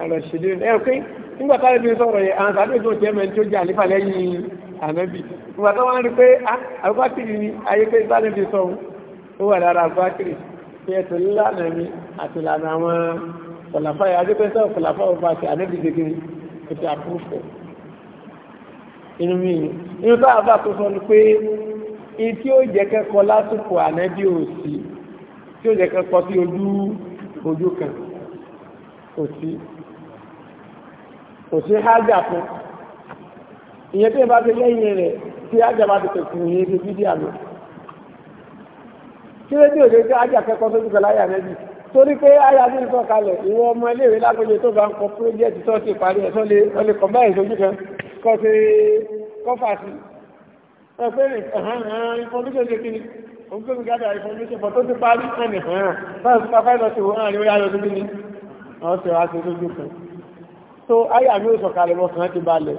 àrọ̀ṣìdì ẹ̀ pé nígbà táwọn ẹbí sọ̀rọ̀ yẹ àwọn sàdé tó tiẹ̀ mẹ́rin tó jẹ́ àlífà lẹ́yìn ànábì nígbà tó wọ́n rí pé àbúkátìrì ah, ni ayé pé ìbálẹ̀ fi sọ ó wà lára àbúkátìrì fi ẹ̀tọ́ lílànà mi àtìlànà àwọn kọ̀làfà yà adékọ́sẹ́ kọ̀làfà ọba àti àdébìdèkè ètò àpòfò inú mi inú tó àbá tó sọ ni pé èyí tí ó jẹ́ kẹ́kọ̀ọ́ lásìkò ànábì òsì tí ó jẹ́ kẹ́kọ̀ọ́ sí ojú ojú kan òsì òsì hájà fún ìyẹn tí ìbá ti lẹ́yìn rẹ̀ tí hájà bá ti tẹ̀sùn ìyẹn ti fídíà lọ kí ló dé òde tí hájà kẹ́kọ̀ọ́ sójú kan láyé ànábì òsì torí pé ayájú ń sọ̀kalẹ̀ ìwọ ọmọ iléèwé lágbóyè tó bá ń kọ púrójẹ́tì tó ti parí ẹ̀ tó lè kọ̀ báyìí sójú kan kọ́ sí kọ́fà sí ẹgbẹ́ rẹ̀ ẹ̀hán information ṣe kíni òǹkóbi gádà information pọ̀ tó ti parí ẹnì hàn náà sí pápá ìlọsí wọn àrí orí ayọ̀ lójú ni wọ́n ti wá sí lójú kan tó ayà mi ò sọ̀kalẹ̀ mọ́ kan ti balẹ̀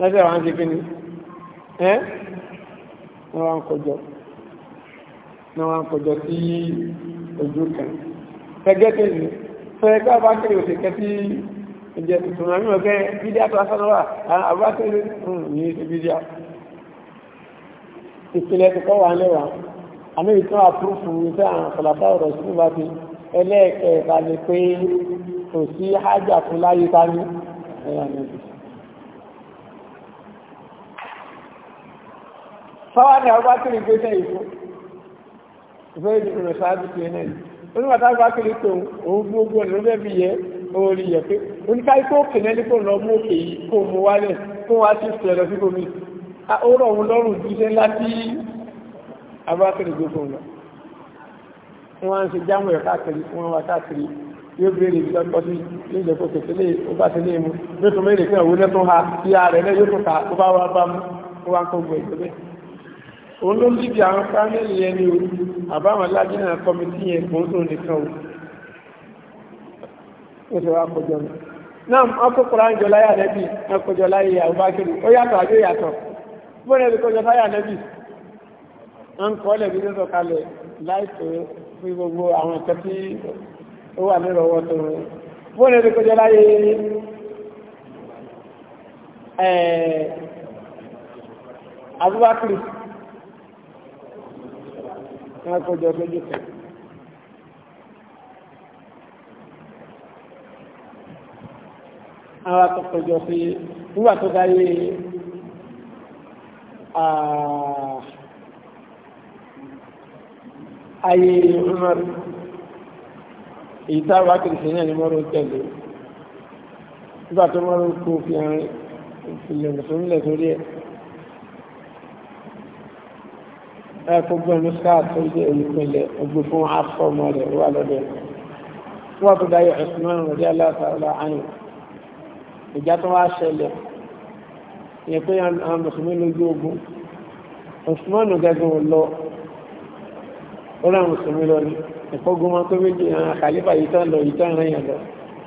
lẹ́sẹ̀ wá ń ṣe kíni ẹ́ wọ́n wá ń kọjọ sí ojú kan fẹ́gẹ́tẹ̀ ní fẹ́ẹ̀ká bá kéré òsè kẹtí ìjẹ tuntun àmì ọ̀gẹ́ bídíà tó asán wà àbákẹ́lẹ́ ní ṣe bídíà ìpìlẹ̀ ti kọ́ wà lẹ́wà àmì ìtàn àpúrúfù iṣẹ́ àwọn àfọlàfà ọ̀rọ̀ sí ìgbà tí ẹlẹ́ẹ̀kẹ́ẹ̀ta ni pé kò sí hájà fún láyé ta ní ẹ̀yà gbé sẹ́yìn fún ìfẹ́ ìdí ìrìn sáájú ti ẹ̀nẹ́ onígbàtà bá kiri tó òun gbogbo ọ̀nà ló bẹ́ẹ̀ yẹ orí yẹ pé oníkáyí tó kè nẹ́ni kò lọ mú òkè yìí kó mú wálẹ̀ kó wá sí ìṣẹ̀lẹ̀ lọ sí gómìn ó rọ̀ òun lọ́rùn jíṣẹ́ ńlá tí abákiri gbogbo lọ wọ́n á ń ṣe jámù ẹ̀ káàkiri wọ́n wá káàkiri yóò béèrè ibi lọ́pọ̀ sí nílẹ̀ kó kẹsílẹ̀ ó bá tẹ̀lé mu yóò tún mẹ́rin kí ọ̀wọ́ lẹ́tún ha sí ààrẹ náà yóò tún ta ó bá wá bá mú ó wá ń kó gbọ́ ìgbẹ́ òun ló níbi àwọn pánẹ́lì yẹn ni o àbáwọn alájínà kọmitì yẹn kò ń tó nìkan o ó sì wá kọjọ mi náà wọn kó kura ń jọ láyé ànẹ́bì wọn kọjọ láyé àbúbákẹ́lì ó yàtọ̀ àbí yàtọ̀ bó ní ẹbí kọjọ láyé ànẹ́bì wọn kọ́ lẹ́bi tó sọ kalẹ̀ láìpẹ́ fún gbogbo àwọn nǹkan tí ó wà nírọ̀wọ́ tó rẹ̀ bó ẹbí kọjọ láyé àbúbákẹ́lì wọn kọjọ lójú kan. àwọn akọkọjọ sí nígbà tó dáyé ayé Umar èyí tá a náà ni mọ́rọ̀ ń tẹ̀lé nígbà tó mọ́rọ̀ ń kó fi hàn ìfìlẹ̀ mùsùlùmí lẹ̀ sórí ẹ̀kọ́gbọ́n muskat tó jẹ́ olùpínlẹ̀ ọgbẹ́ fún afọ́mọ rẹ̀ wà lọ́dọ̀ wọ́n tó dáyọ̀ Usman radiyallahu ta'ala anhu ìjà tó wá ṣẹlẹ̀ ìyẹn pé àwọn mùsùlùmí lójú ogun Usman gẹ́gẹ́ lọ ó rẹ̀ mùsùlùmí lọ ní ìkọ́gun wọn pé méjì àwọn kàlífà yìí tán lọ yìí tán rẹ̀ yàn lọ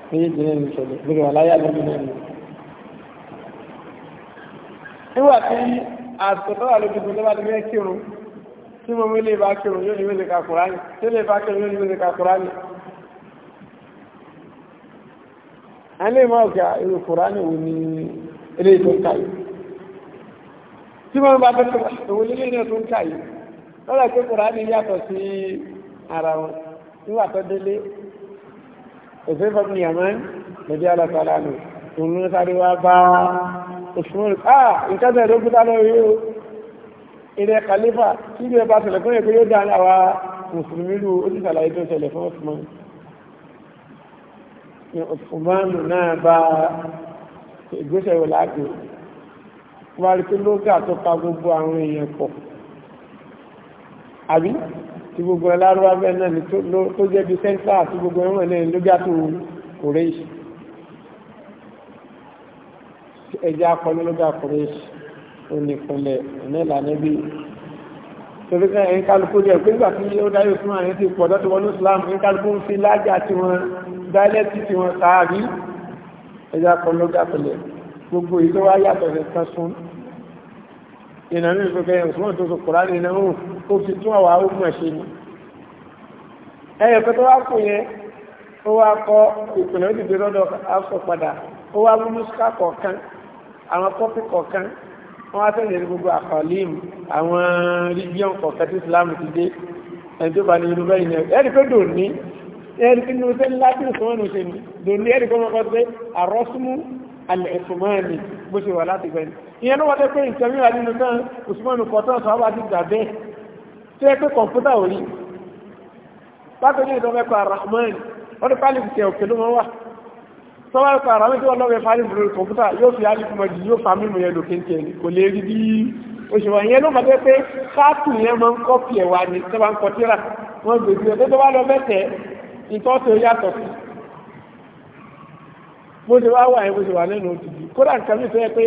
méjì náà ní ìṣẹ̀lẹ̀ lórí àláyà lórí náà ní. nígbà tí àsìkò tó tó bá ti fẹ́ kírun tí mo mú ilé ìbá kírun yóò ní ìwé lè ka kùránì tí ilé ìbá kírun yóò ní ìwé lè ka kùránì. a lè máa gba irú kùránì wo ni ilé ìtò ń kàyè tí mo bá bẹ́ẹ̀ ìwé lílé náà tó ń kàyè lọ́dọ̀ pé kùránì yàtọ̀ sí ara wọn nígbà tó délé òfin fọ́ọ̀mù yàmán lọ́dí alásàlá nù òun ló sáré wá bá òṣùwọ̀n ah nǹkan bẹ̀rẹ̀ ló kú lọ́wọ́ yìí ilẹ̀ kàlífà tí ilé bá ṣẹlẹ̀ fún ẹgbẹ́ yóò dá àwa mùsùlùmí lù ó sì ṣàlàyé tó ṣẹlẹ̀ fún Osman ni Osman náà bá ìgbésẹ̀ wò láàgbé wọ́n rí pé lóga tó pa gbogbo àwọn èèyàn pọ̀ àbí tí gbogbo ẹ lárúbá bẹ́ẹ̀ náà ni tó jẹ́ bí sẹ́ńtà àti gbogbo ẹ̀wọ̀n náà ni lóga tó kòrèṣì ẹja akọni lóga kòrèṣì onípínlẹ̀ nílà níbi torí ká ẹ̀yìn kálukú jẹ́ pé nígbà tí ó dáyé fún àyẹ́ ti pọ̀ dọ́tí wọnú Islam ẹ̀yìn kálukú ń fi lájà tí wọ́n dáẹ́lẹ́tì tí wọ́n sáàrí ẹja pọ̀lọ́gà pẹ̀lẹ̀ gbogbo ìlú wá yàtọ̀ sí kan sún ìnáwó ìfẹ́fẹ́ ìwọ̀n tó sọ kùrá ní ìnáwó ó fi tún àwà ogun ẹ̀ṣẹ́ ni ẹ̀yẹ̀ pẹ́ tó wá kù yẹn ó wá kọ ìpìlẹ̀ ó dìde lọ́dọ̀ afọ padà ó wá mú mùsùlùmí àwọn kọ́pì kọ̀ọ̀kan wọ́n wá sẹ́yìn ní gbogbo àkọọ́lìm àwọn rígíọ̀n kọ̀ọ̀kan tí Islam ti dé ẹni tó bá ní irú bẹ́ẹ̀ yẹn ẹni pé dòní ẹni tí mo ṣe ńlá tí òṣùwọ̀n ní òṣèlú dòní ẹni kọ́ mọ́kọ́ pé àrọ́sùmù alẹ́ ẹ̀sùnmọ́ọ̀nì bó ṣe wà láti bẹ́ẹ̀ ìyẹn ló wá pé nǹkan mìíràn nínú náà òṣùwọ̀n ní kọ̀ọ̀tàn sọ wá ti gbà bẹ́ẹ̀ tó yẹ pé kọ̀ǹpútà ò rí bákan ní ìdánwẹ́kọ̀ àràmọ́ọ̀nì wọ́n ní pálí tọ́wọ́ ẹ̀kọ́ ara mẹ́tí wọ́n lọ́wọ́ ẹ̀fà nínú kọ̀mpútà yóò fi alìkú mọ̀jì yóò fa mímọ̀ yẹn lòkè tẹ̀ ní kò lè rí bí òṣèwọ̀n yẹn ló fàgbé pé káàtù yẹn máa ń kọ́pì ẹ̀wà ni tó bá ń kọ tíra wọ́n gbé sí ọ̀tọ́ tó bá lọ mẹ́tẹ̀ ìtọ́ tó yàtọ̀ sí. bó ṣe wá wà yẹn bó ṣe wà lẹ́nu òtìjú kódà nǹkan mi fẹ́ pé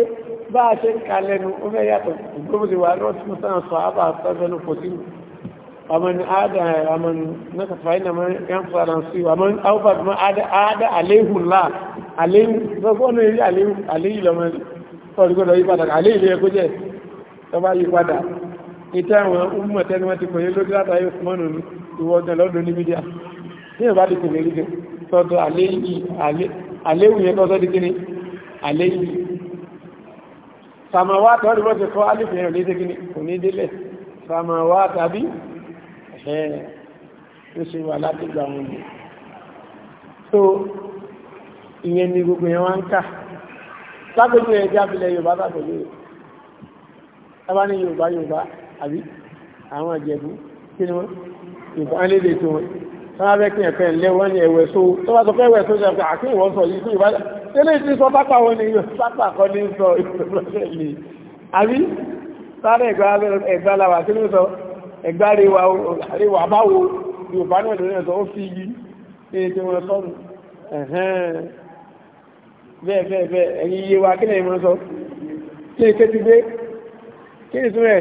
bá a ṣe ń ka lẹ́nu ó fẹ́ yàtọ̀ ومن عاد ومن نكت فإن من ينفع نفسه ومن أوفى ما عاد عاد عليه الله عليه فقول لي عليه عليه لما فقول لي بدل عليه لي كوجه تبا يبدا ita àwọn umma tẹni wọn ti kò yé lórí látàrí ìfúnmọ́nù ìwọ ọ̀dọ̀ lọ́dún ní mídíà tí ìbá di kìlẹ̀ rí tọ́dọ̀ àléwù yẹn tọ́dọ̀ di kíní àléyìí sàmàwá tọ́dọ̀ bọ́ ti kọ́ alìfẹ́ràn lédè kíní ẹ̀ ó ṣe wà látìgbà wọn ni so ìyẹn ni gbogbo yẹn wá ń kà lágbègbè ẹ̀ jábìlẹ̀ yorùbá sàtòlè tábà ní yorùbá yorùbá àbí àwọn àjẹ̀bú kí ni wọ́n yorùbá ń lédè tó wọn tọ́lá bẹ́ kí ẹ̀fẹ́ ńlẹ́ wọ́n ní ẹ̀wẹ̀ só tó bá sọ pé ẹ̀wẹ̀ só ṣe àpẹ àkíyè wọ́n sọ yìí sí ìbájá tẹ́lẹ̀ tí sọ pápá wọn ni yóò pápá kọ́ ní sọ ìpínlẹ̀ àbí sáré ẹ̀gbá làwà kí ló sọ ẹgbá rẹwà báwo yorùbá náà lórí ẹ̀sọ́ ó fi yí ní ti wọn sọ́nù bẹ́ẹ̀ bẹ́ẹ̀ bẹ́ẹ̀ ẹ̀yìn iye wa kí lẹ́yìn sọ kí ni kéti gbé kí ni túnmẹ̀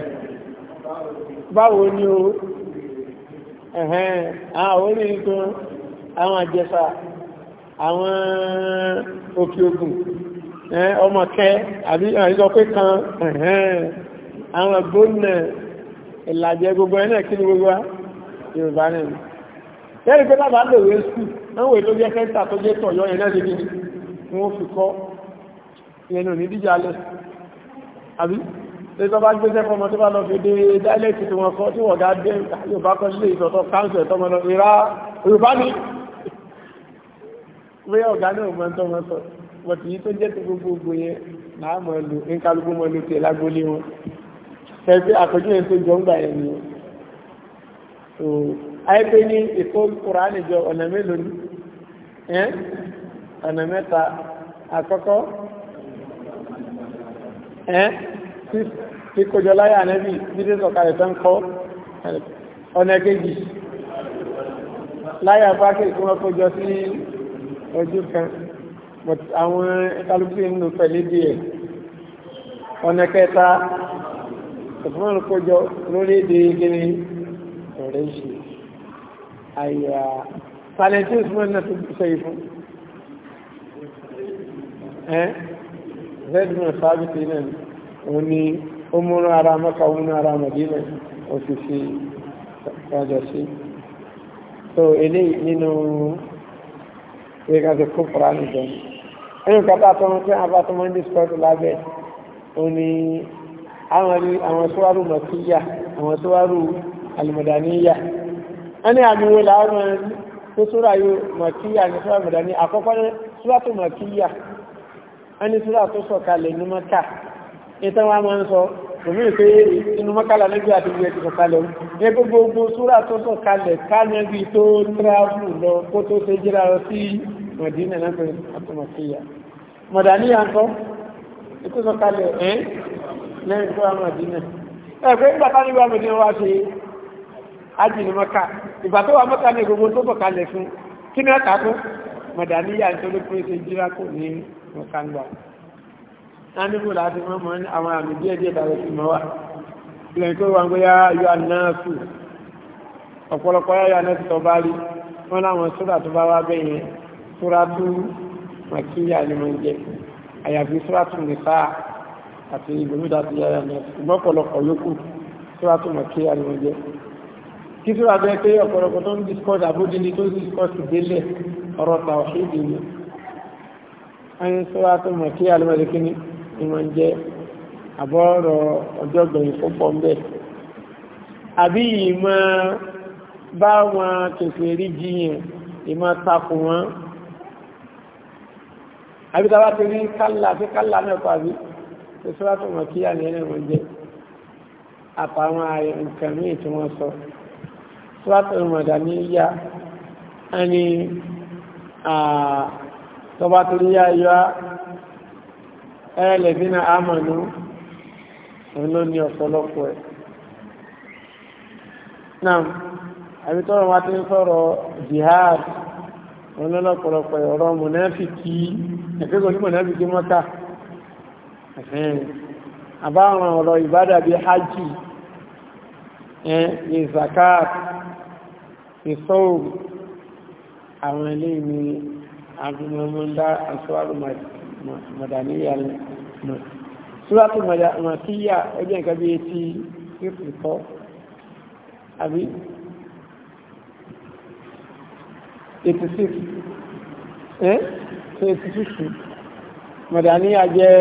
báwo ni o àwọn orílẹ̀ tó àwọn àjẹsà àwọn òkè ogun ọmọ kẹ́ àbí àrísọ pé kan àwọn gbóná ìlàjẹ gbogbo ẹ̀ náà kí ni gbogbo wa yorùbá náà ni lẹ́yìn pé bàbá lòwe sùn náà wèé ló jẹ́ kẹ́ńtà tó jẹ́ tọ̀yọ́ yẹn náà níbi wọn fi kọ́ ìyẹn ní onídíjà lẹ̀ àbí lẹ́tọ́ bá gbé sẹ́fọ́ ọmọ tó bá lọ fi dé dáìlẹ́tì tí wọ́n kọ́ tí wọ́n dá dé yorùbá kọ́ sílé ìtọ̀tọ̀ káńsù ẹ̀tọ́ mọ́ lọ ìrá yorùbá ni pé ọ̀gá náà mọ́ tó mọ́ sọ wọ́n ti yí tó jẹ́ tó gbogbo yẹn láàmọ́ lu ní kálukú mọ́ lu tẹ̀ lágbólé wọn tẹ̀sí àpèjúwe tó jọ ń gbà yẹn ni o àìpé ní èkó kùránì jọ ọ̀nà mélòó ni ọ̀nà mẹ́ta àkọ́kọ́ tí kòjọ láyé ànẹ́bì títí sọ̀kalẹ̀ tán kọ́ ọ̀nà kejì láyé àbákẹ́ ìkúnmọ́ kòjọ sí ojú kan àwọn ẹkàlùkù inú pẹ̀lú díẹ̀ ọ̀nà kẹta Osman kọjọ lórílẹ̀-èdè gẹ́gẹ́ ọ̀rẹ́ ṣe àyà tàlẹ́tí Osman náà tó sọ yìí fún ẹ́ zedman sábìtì náà òun ni ó múra ara mọ́ka ó múra ara mọ̀dínà òfìsí ọjọ́ sí so eléyìí nínú ìgbàgbé kókòrò àlùjọ ẹnu kàtà tó ń pẹ́ àbátọ́mọ́ ní sọ́ọ̀tù lábẹ́ òun ni àwọn rí àwọn sọ́wárù mọ̀kíyà àwọn sọ́wárù alìmọ̀dàníyà wọ́n ní àmì wo làwọn tó sọ́ra yóò mọ̀kíyà ní sọ́wárù mọ̀dàní àkọ́kọ́ ní sọ́wárù mọ̀kíyà wọ́n ní sọ́wárù tó sọ̀kalẹ̀ ní mọ́kà ìtàn wa máa ń sọ òmí ìpé inú mọ́kàlá níbi àdúgbò ẹ̀ ti sọ̀kalẹ̀ ní gbogbogbò sọ́wárù tó sọ̀kalẹ̀ kánẹ́bí tó tíráfù lọ kó tó ṣe jíra lọ sí mọ̀dínà náà pẹ̀lú àtọmọ̀kíyà mọ̀dàníyà ń kọ́ ìtúsọ̀kalẹ̀ ẹ́ lẹ́yìn tó àmà dínà ẹgbẹ́ ìgbàtà nígbà mẹ́jọ wá ṣe ájìnì mọ́ká ìgbà tó wà mọ́ká ní gbogbo tó bọ̀kalẹ̀ fún kí ní ọ̀tà fún mọ̀dàníyà nítorí pé ṣe jíra kò ní mọ́ká ńgbà ánìkù láti mọ́ mọ́ àwọn àmì díẹ̀ díẹ̀ tàbí fi mọ́ wa lẹ́yìn tó wà ń gbé yọ anáàfù ọ̀pọ̀lọpọ̀ yọ anáàfù tó bá rí wọn láwọn sódà tó bá wá bẹ́yẹn súrátù màkíyà ni mo jẹ àyàfi súrátù nìsáà àti ìgbòmídà ti yára ní ìmọ́pọ̀lọpọ̀ yókù tí wàá tó mọ̀ kí ariwo jẹ́ kí tí wàá bẹ́ẹ̀ pé ọ̀pọ̀lọpọ̀ tó ń discuss abódìní tó ń discuss délẹ̀ ọ̀rọ̀ ta ọ̀ṣẹ́dì ni ẹni tí wàá tó mọ̀ kí ariwo jẹ́ kí ni ìmọ̀ jẹ́ àbọ̀rọ̀ ọjọ́ gbẹ̀yìn púpọ̀ ń bẹ̀ àbí ìmọ̀ bá wọn kẹsẹ̀ rí jiyàn ìmọ̀ takò wọn àbí tá bá ti rí kálà sí kálà mẹ́kọ̀ọ́ àbí tó sọ́látò mọ̀ kí yà ní ẹ̀rẹ́ wọn jẹ́ àtàwọn ààrẹ nǹkan míì tí wọ́n sọ sọ́látò mọ̀dà ní yá ẹni tọba tó ní yá yọ ẹlẹ́dínà àmọ̀nú òun ló ní ọ̀pọ̀lọpọ̀ ẹ̀ náà àbí tọrọ wa ti ń sọ̀rọ̀ jihad òun lọ́pọ̀lọpọ̀ ọ̀rọ̀ mọ̀nẹ́fì kí ẹ̀kẹ́kọ̀ọ́ ní mọ̀nẹ́fì kí mọ́ta àbáwọn ọ̀rọ̀ ìbádàbí hajj ní zakat ìsọ́wò àwọn ilé ìní agbẹ̀mọ̀mọ́dá àṣọ́wàrù mọ̀dàníyà mọ̀ síwátù mọ̀tíyà ẹgbẹ́ nǹkan bí etí pípùtọ́ àbí 86 ẹ́ 86 mọ̀dàníyà jẹ́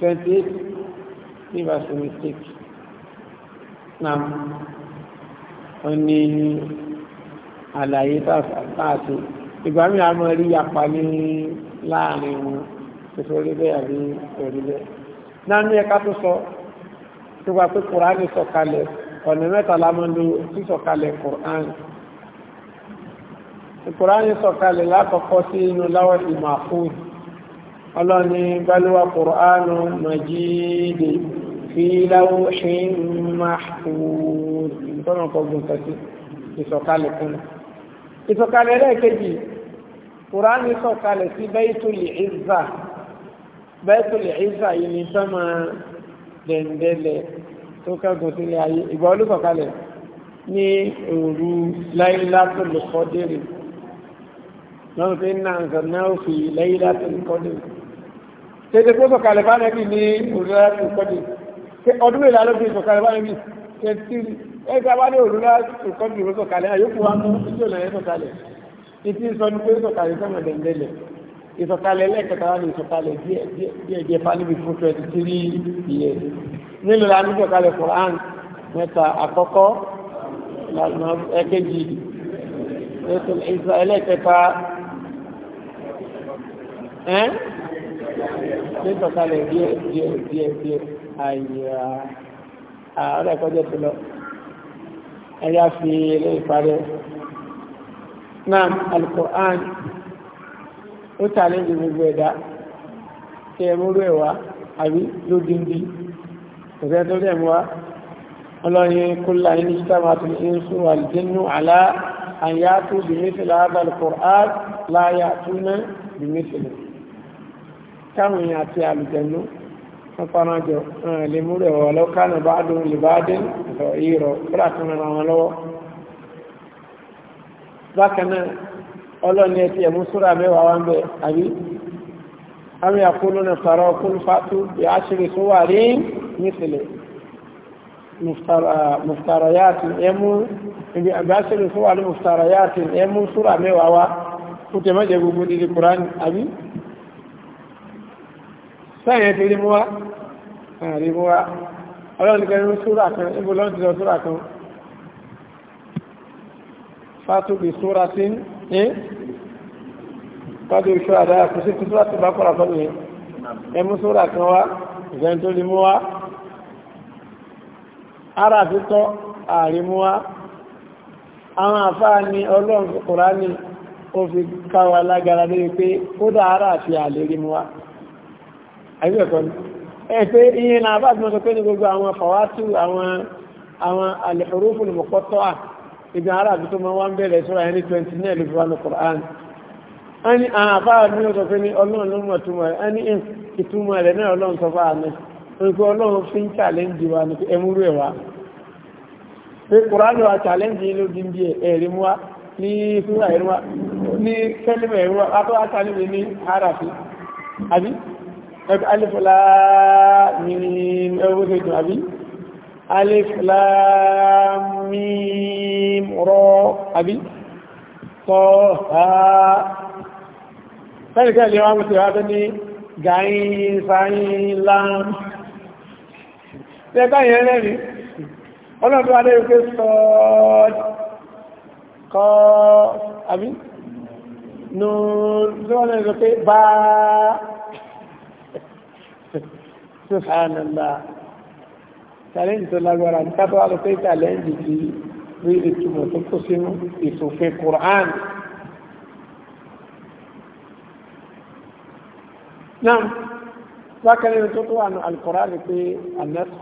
28 give us a mistake now ó ní àlàyé tààtì ìgbà mi àmọ́ rí yapa ní láàrin wọn ètò orílẹ̀ àbí orílẹ̀ náà ní ẹ̀ka tó sọ tó wà pé kùránì sọ̀kalẹ̀ ọ̀nà mẹ́ta la máa ń lo sísọ̀kalẹ̀ kùránì kùránì sọ̀kalẹ̀ lákọ̀ọ́kọ́ sí inú láwọ̀ ìmọ̀ àfóòdì ọlọ́ni balùwà kùránù màjídé fi láwùṣin mahfuz tọ́nà kọgbùn kàtí ìsọ̀kalẹ̀ fún ìsọ̀kalẹ̀ lẹ́ẹ̀kejì kùránù sọ̀kalẹ̀ sí baitul izza baitul izza yìí ní sọ́mà dẹ̀ndẹ̀lẹ̀ tó kẹ́gùn sílẹ̀ ayé ìgbà olùsọ̀kalẹ̀ ní òru láìlátòlùkọ́dẹ̀rẹ̀ lọ́nà tí ń nà ń sọ náà fi láìlátòlùkọ́dẹ̀rẹ̀ tẹ́tẹ́ tó sọ̀kalẹ̀ bá nẹ́bí ní òrùlá tó kọ́dì ọdún mẹ́lá ló fi sọ̀kalẹ̀ bá nẹ́bí tẹ́tìrì ẹgbẹ́ wá ní òrùlá tó kọ́dì ló sọ̀kalẹ̀ àyókù wa mú tí ò lẹ́yìn sọ̀kalẹ̀ ìtì sọ ní pé sọ̀kalẹ̀ sọ̀mọ̀ dẹ̀ndẹ̀lẹ̀ ìsọ̀kalẹ̀ lẹ́ẹ̀kẹta wá ní ìsọ̀kalẹ̀ díẹ̀ díẹ̀ fa níbi fún twenty three years nílùú la ní sọ̀kalẹ̀ Quran mẹ́ta àkọ́kọ́ ẹ̀kejì ẹlẹ́ẹ̀kẹta ẹ́ ní sọ̀kalẹ̀ díẹ̀ díẹ̀ díẹ̀ díẹ̀ àyà àárẹ̀ kọjá ti lọ ẹ̀yà fi ilé ìparẹ́ náà alukur'an ó tààlẹ́ ju gbogbo ẹ̀dá kí ẹ múrú ẹ̀ wá àbí lódìndí kò tó dẹ̀ mú wa ọlọ́yin ní sábà tó ní sùn àlùjẹ́nu àlá àyà tó bìmí sílẹ̀ àbá alukur'an káwọn èèyàn àti àlùjẹ̀nú wọ́n paná jọ lè mú rẹ̀ wọ̀ lọ́kànnà bá dùn lè bá dé lọ ìrọ̀ kúrò àtúnra wọn lọ́wọ́ bákanáà ọlọ́ni ẹtì ẹ̀mú súra mẹ́wàá wá ń bẹ àbí àmì àkúlù náà fàrọ̀ kúlù fàtú bí a ṣe lè tó àbí sáyẹn ti rí mú wá rí mú wá ọlọ́run kẹrin súrà kan ibo lọ́n ti lọ súrà kan fátúbi súrà sí ní fátúbi súrà dára kò sí súrà tó bá kọ́ra fọ́nù yẹn ẹ mú súrà kan wá ìgbẹ́ni tó rí mú wá ara àtútọ́ àrímú wá àwọn àfáà ni ọlọ́run kòránì ó fi káwà lágara lórí pé kódà ara àti àlérí mú wá àìbẹ̀ ẹ̀kọ́ ni ẹ pé iye náà bá ti mọ́ sọ pé ní gbogbo àwọn fàwátù àwọn àwọn àlẹ̀fẹ̀rúfù ní mọ̀kọ́tọ́ à ibi ara àbí tó máa wá ń bẹ̀rẹ̀ sọ́ra ẹni 20 náà lè fi wá ní Kùránì ẹni àwọn àfáà ní ó sọ pé ní ọlọ́run ló mọ̀ túmọ̀ rẹ̀ ẹni ìtumọ̀ rẹ̀ náà ọlọ́run sọ ẹgbẹ́ alifula ní ẹwọ́ tó dùn àbí alifula mím rọ àbí tọ́ ha sẹ́yìnká ilé wa mọ̀sí wá tó ní gàáyín sáyín lám tẹ́gbà yẹn rẹ̀rí ọlọ́dún adé wípé sọ́ọ̀dì kọ́ àbí nù tí wọ́n lè سبحان الله تلنت لغورا كتو على تيتا لنجي في ويد تمو تقسم في قران نعم لكن تطوع ان القران في النسخ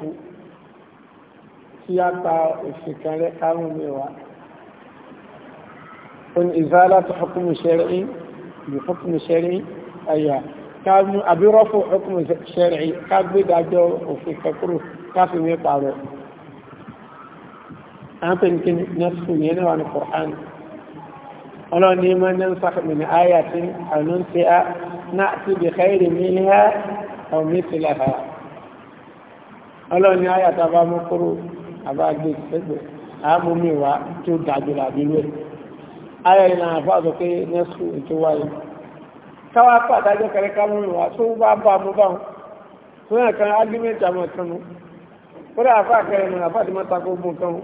سياتا وشكالة كانوا ميوا ان ازالة حكم شرعي بحكم شرعي ايام káàmú àbírọ́fù ọkùnrin ṣẹ̀rẹ̀ kágbédájọ́ òfin kẹkúrò káfí mi pààrọ̀ àpẹni kí nẹ́fù yẹn náà wà ní Qur'an ọlọ́ni ma ní sàkàmì ní àyà tí ànún ti a náà ti di kẹ́rì mi ní ha ọmọ ti lẹ́ha ọlọ́ni àyà tá a mi wá tó dájú làbí lóye àyà yìí náà fọ́ káwá pàdájọ́ kẹrẹ kámúrin wá tó bá bá mú bá wọn tó náà kan ágímẹ́ntì àwọn ẹ̀kan mú kódà àfáà kẹrẹ mọ̀ àfáà ti máa takò gbọ̀n kan mú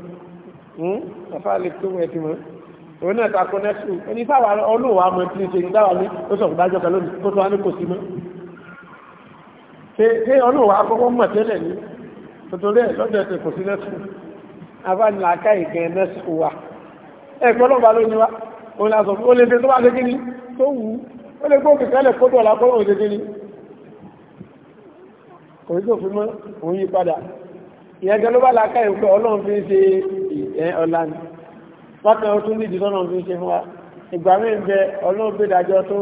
hmm? àfáà lè tó wẹ̀ ti mọ̀ òun náà takò nẹ́sù ẹni táwa ọlọ́wà mọ̀ tí ń ṣe nígbàwà ní ó sọ̀rọ̀ dájọ́ kan lónìí tó tó wá ní kò sí mọ́ ṣe ọlọ́wà akọ́kọ́ mọ̀ tẹ́lẹ̀ ní tuntun rẹ̀ lọ́dọ̀ ẹ̀sẹ̀ kò sí nẹ́sù abánilàáká ìgbẹ̀n nẹ́sù wa ẹ̀kọ́ lọ́ba ló ní wa òun lásọ̀ ó lè ṣe tó wá ṣe kí ni tó wù ú ó lè gbóògì tẹ́lẹ̀ kó dọ̀la kó òun dédé ní kò sí òfin mọ́ òun yí padà ìyẹn gan ló bá la káyọ̀ pé ọlọ́run fi ń ṣe ìyẹn ọ̀la ni bákan ó tún nídìí lọ́nà fi ń ṣe fún wa ìgbà mí bẹ ọlọ́run gbé dájọ́ tó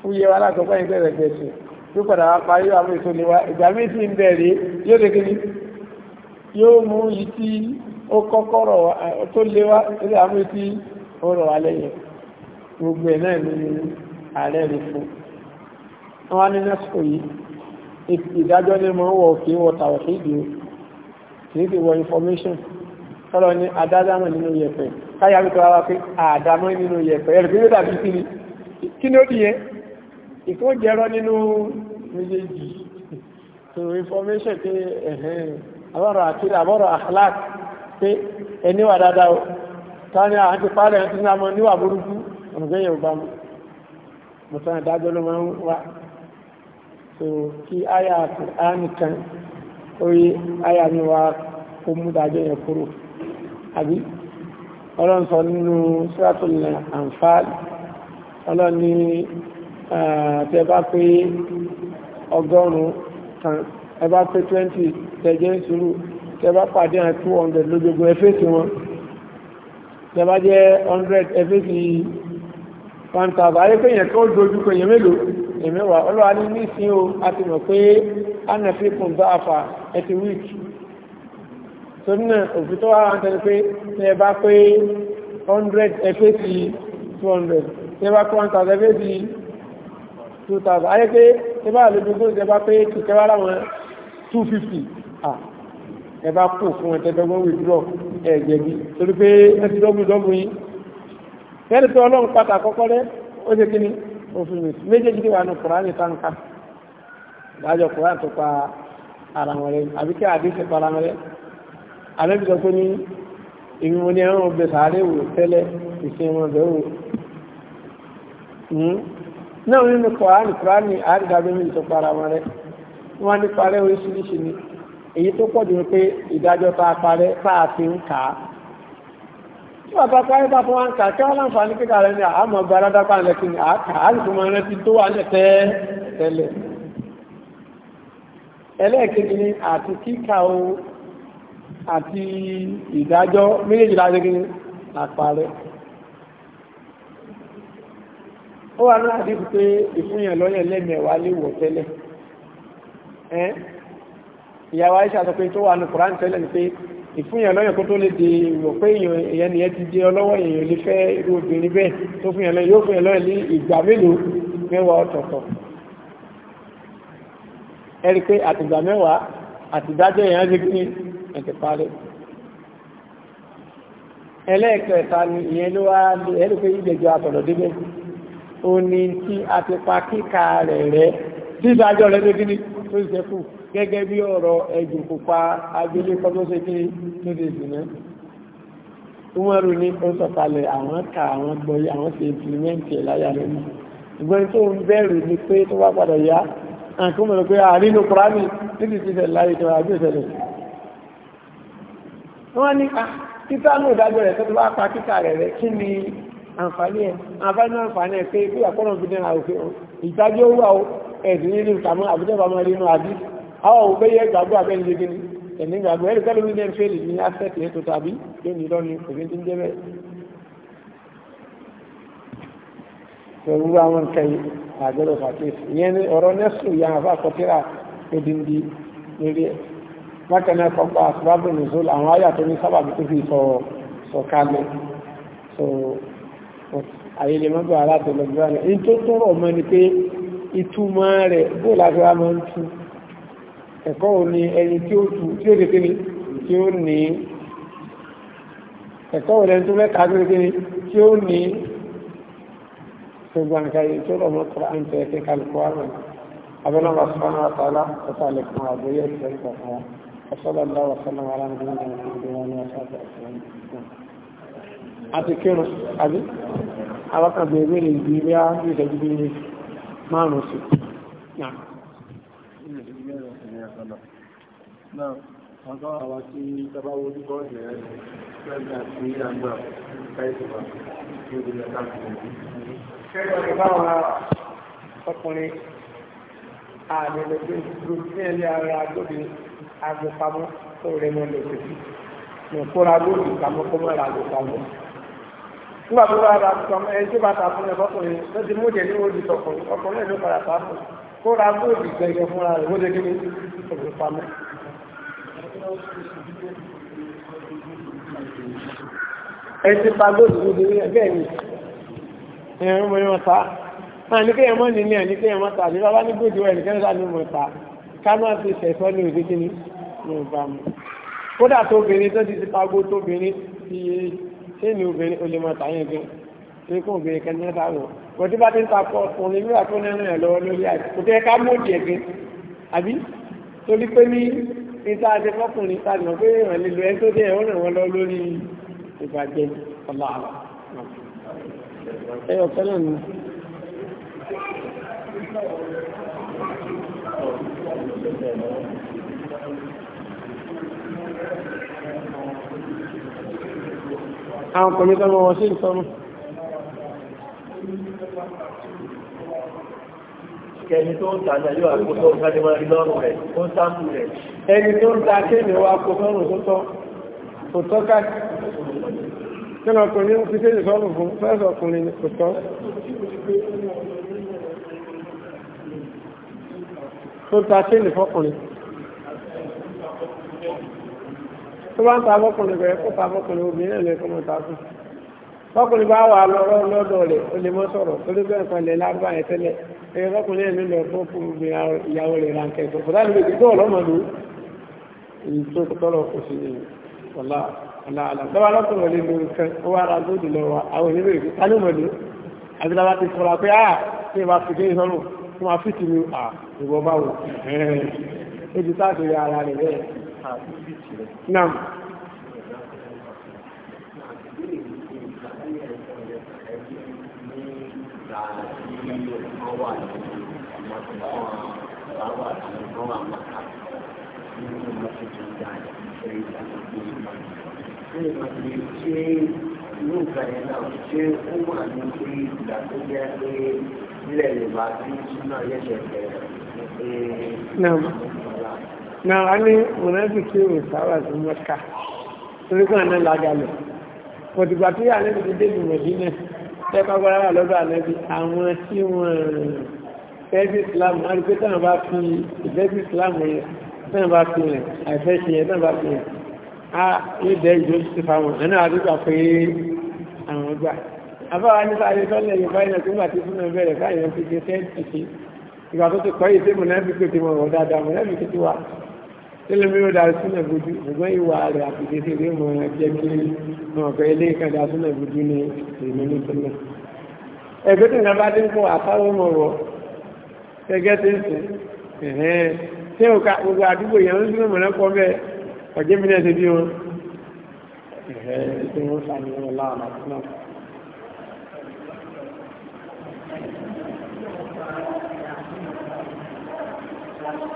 fúyẹ wa látọ̀pọ̀ yìí tí ó kọ́kọ́rọ̀ tó gbogbo ẹ̀ náà ní ààrẹ rí fún wọn wá ní nẹ́sùkò yìí ìdájọ́ ní mọ́ wọ kí wọ tàwọ̀ sí ìdí kì í fi wọ information tọ́lọ ní adádámọ̀ nínú yẹ̀pẹ̀ káyà wípé wá pé àdámọ̀ nínú yẹ̀pẹ̀ ẹ̀rù kí ló dàbí sí ni kí ni ó dìyẹ ìkó jẹrọ nínú méjèèjì to information pé ẹ̀hẹ́n àbọ̀rọ̀ àkírí àbọ̀rọ̀ akhlaq pé ẹni wà dáadáa tani àti pálẹ̀ àti sinamọ níwà burúkú ọ̀nà mùsùlùmí àdájọ́ ló máa ń wá so kí àyà àánì kan orí àyà mi wá kó mú dájọ́ yẹn kúrò àbí ọlọ́run sọ nínú suratul Anfal ọlọ́run ní tẹ bá pé ọgọ́rùn-ún kan ẹ bá pé twenty tẹ̀jẹ́ ń sùúrù tẹ bá pàdé àti two hundred lójoojú ẹ fèsì wọn tẹ bá jẹ́ hundred ẹ fèsì yìí fàǹtàbà ayé pé yẹn kí ó dojú kọ yẹn mélòó yẹn mẹ́wàá ọlọ́wà ní nísìnyí o a ti mọ̀ pé anafi kùn bá afa ẹ ti wíìkì torí náà òfin tó wà wà ń tẹ́lẹ̀ pé ní ẹ bá pé hundred ẹ pé sí two hundred ní ẹ bá pé one thousand ẹ pé sí two thousand ayé pé ẹ bá lójú tó ẹ bá pé kìkẹ́ wà láwọn two fifty ẹ bá kù fún ẹ tẹ́tọ́gbọ́n withdraw ẹ jẹ̀bi torí pé ẹ ti dọ́gbù dọ́gbù yìí. fẹ́rẹ̀ tó ọlọ́run pátá kọ́kọ́ rẹ̀ ó ṣe kí ni òfin mi méjèèjì tí wà ní kùránì táǹkà lájọ kùránì tó pa ara wọn rẹ̀ àbí kí àdéṣe pa ara wọn sọ pé ní ìrìn wọn ẹran ọbẹ sàárè wò tẹ́lẹ̀ ìsìn wọn bẹ̀ wò a a fi ń tí bàbá káyé bá fún wa ń kà kí wọ́n láǹfààní kíkà rẹ̀ ní àmọ́ gba aládápá ńlẹ̀ kí ni àkà àlùkò máa rántí tó wà ní tẹ́ tẹ́lẹ̀. ẹlẹ́ẹ̀kejì ni àti kíkà o àti ìdájọ́ méjèèjì láti kí ni àparẹ́. ó wà ní àdínkù pé ìfúnyàn lọ́yẹ̀ lẹ́mẹ̀wá lè wọ̀ tẹ́lẹ̀. ìyàwó Aisha sọ pé tó wà ní Kùránì tẹ́lẹ̀ ni pé ìfúnyàn lọ́yàn kó tó lè di rò pé èèyàn nìyẹn ti jẹ ọlọ́wọ́ èèyàn lè fẹ́ irú obìnrin bẹ́ẹ̀ tó fúnyàn lọ́yàn yóò fúnyàn lọ́yàn ní ìgbà mélòó mẹ́wàá ọ̀tọ̀ọ̀tọ̀ ẹ rí i pé àtìgbà mẹ́wàá àtìdájọ́ èèyàn ti gbé ẹ̀tẹ̀ parí ẹlẹ́ẹ̀kẹta ni ìyẹn ló wá ẹ rí i pé ìgbẹ́jọ́ àtọ̀dọ̀ débẹ̀ ó ní tí a ti pa kíkà rẹ̀ rẹ̀ gẹ́gẹ́ bí ọ̀rọ̀ ẹ̀jù pupa abílé kọ́tọ́sẹ́ kí tó ti dìnnà umaru ní ó sọ̀kalẹ̀ àwọn kà àwọn gbọ́yé àwọn ti implement ẹ̀ láyà rẹ̀ mú ìgbọ́n tó ń bẹ̀rù ni pé tó bá padà yá àǹkú mọ̀rọ̀ pé àrínú kúránì títí ti tẹ̀lé láyé tó àbí ìṣẹ̀lẹ̀ wọ́n ní títà ní ìdájọ́ rẹ̀ ni àǹfààní ẹ̀ àǹfààní náà ẹ̀sìn nínú ìtàmú àbújọba máa rí àwọn òbẹ́ yẹ gbàgbọ́ abẹ́ ń yege ni ẹ̀mí gbàgbọ́ ẹ̀rí kẹ́lómi ní ẹ̀fẹ́lì ní asẹ́tì ètò tàbí lónìí lọ́ni òbí ti ń jẹ́ bẹ́ẹ̀. pẹ̀lú àwọn nǹkan yìí àgbẹ̀rẹ̀ fàkíyèsí ìyẹn ní ọ̀rọ̀ nẹ́sùn ìyá àfa àkọsíra odindi lórí ẹ̀ mákànnà kọ́kọ́ àsìbábù nìzọ́lù àwọn àyà tó ní sábàbí tó fi sọ sọ̀kalẹ̀ so àyèlè mọ́gbà aláàtọ̀ lọ́gbà ní tó tọrọ mọ́ ni pé ìtumọ̀ rẹ̀ bó làgbà máa ń tú ẹ̀kọ́ wo ni ẹni tí ó tu tí ó lè kéde tí ó ní ẹ̀kọ́ wo lẹni tó mẹ́ta tó lè kéde tí ó ní gbogbo nǹkan yìí tó lọ́mọ kọ́ra ń tẹ ẹ̀kẹ́ kálukú wa rẹ̀ abẹ́nà wa sọ́nà wa tààlà ọ̀tá àlẹ́kùn àgbóyè ẹ̀sẹ̀ ìkọ̀kọ̀ wa ọ̀sọ́lá ńlá wa sọ́nà wa rán nínú ìgbìmọ̀ ní ọ̀sán àti kírun àbí àwọn kan bèèrè ìgbìmọ̀ ní ìṣẹ́jú bí márùn-ún sí àtọ́lá. Náà, wọ́n kọ́ àwọn tí tọba ojú kọ́ jẹ́ ẹgbẹ́ àti àgbà káìsìkà tí ó dìlẹ̀ káàkiri. Ṣé ọ̀rẹ́ bá wa ọkùnrin àmì lẹ́gbẹ́ dúró sí ẹ̀lẹ́ ara agbóde agbópamọ́ tó rẹ̀ mọ́ lẹ́gbẹ́ ní ìfúra lórí ìpamọ́ kó mọ́ ra agbópamọ́. Nígbà tó bá ra agbópamọ́ ẹni tó bá ta fún ẹ fọkùnrin tó ti mú jẹ ní ojú tọkùnrin ọkùnrin ló padà ta tó ra góòlù gẹ̀gẹ̀ fúnra rẹ̀ ó lè kí ni òfin pamọ́. ẹ ti pa góòlù ní ìdílé ẹgbẹ́ mi ẹ̀rọ mọ̀ ẹ̀wọ̀n ta náà ní kéèyàn mọ́ nílé ẹ̀ ní kéèyàn mọ́ ta ní bàbá ní góòlù ẹ̀ ní kéèyàn sá ní mọ̀ ta ká má fi ṣẹ̀fọ́ ní òde kíní ní ìbámu kódà tóbìnrin tó ti ti pagó tóbìnrin ti ṣé ní obìnrin olè mọ̀ tàyẹn gan ṣé kó obìnrin kẹ́ ní wọ̀ kò tí bá ti ń takọ ọkùnrin nígbà tó nínú ẹ̀ lọ́wọ́ lórí àìsàn kò tí ẹ ká mọ́ọ̀dì ẹ̀gbẹ́ àbí torí pé ní níta àti fọkùnrin ta nà pé ìrìn lílo ẹ tó dé ẹ̀ ó ràn wọ́n lọ lórí ìbàjẹ́ ọ̀la àwọn kòmítọ́ wọn sí ìsọ́nù. kẹni tó ń tàná yóò àkótó ìfàdímọ̀ ìlọ́rùn rẹ̀ tó ń sáàmù rẹ̀ ẹni tó ń ta kéèmì wa kò sọ́rùn tó tọ́ kò tọ́ ká kí lọ kò ní ń fi kéèmì sọ́rùn fún fẹ́sọ̀ ọkùnrin kò tọ́ tó ta kéèmì fọkùnrin tó bá ń ta fọkùnrin rẹ̀ kó ta fọkùnrin obìnrin ẹ̀ lẹ́kọ̀ọ́ mọ̀ fún tọkùnrin bá wà lọ́rọ́ lọ́dọ̀ rẹ̀ ó lè mọ́ sọ̀rọ̀ ó lè bẹ́ẹ̀ kan lẹ̀ lágbà ẹ̀ tẹ́lẹ̀ ẹ̀yẹ tọkùnrin ẹ̀ lọ fún fún ìyàwó rẹ̀ ránkẹ́ tó kọ̀dá lè tó ọlọ́mọ lò èyí tó tọrọ kò sí ní ọ̀la aláàlá tọ́wọ́ lọ́kùnrin lè lórí kan ó wá ra góòdù lọ wa àwọn oníbẹ̀ èdè tánú mọ̀ lò àti a ṣe wá fi kéyìn sọ́rùn tó máa fi tìlú à ìwọ ìta tí ó wà ní ọmọdé wà ní ọmọdé wà mọ́ta nínú ọmọdé tó dá ìṣe ìdájọ́ tó ń bọ̀. tí súnà sáwà sí mọ́ká torí kan náà lágalẹ̀ pọ̀tùgbà tó yà lẹ́nu ti ìmọ̀dí náà tẹ́kọ̀ọ́gbọ́ra wà lọ́dọ̀ àlẹ́bí àwọn tí wọ́n fẹ́ẹ́sì islam wọ́n pé tẹ́nà bá fi ìfẹ́sì islam rẹ̀ tẹ́nà bá fi rẹ̀ àìfẹ́sì yẹn tẹ́nà bá fi rẹ̀ a ìdẹ́ ìjọ ti fa wọn ẹ̀nà àdúgbà pé àwọn gbà afọ́wà ní sáré sọ́lẹ̀ yorùbá iná tó gbà tí fún ẹ bẹ̀rẹ̀ káyọ̀ fi ṣe fẹ́ẹ́ ìgbà tó ti kọ́ yìí tí mo náà fi pè tí mo rọ̀ dáadáa mo tẹ́lẹ̀ mi ò dá súnà gbójú ṣùgbọ́n ìwà rẹ̀ àtìkéṣe rẹ̀ mọ̀ ọ́n jẹ́ kí wọn fẹ́ ilé kan dá súnà gbójú ní èmi ní súnà. ẹgbẹ́ tí nàbá ti ń kó àtàwọn ọmọ wọ gẹ́gẹ́ tí ń sìn ẹ̀hẹ́n tí ò ká gbogbo àdúgbò yẹn ń súnà mọ̀nà kọ́ bẹ́ẹ̀ ọ̀jẹ́ mi náà ti bí wọn. Thank you.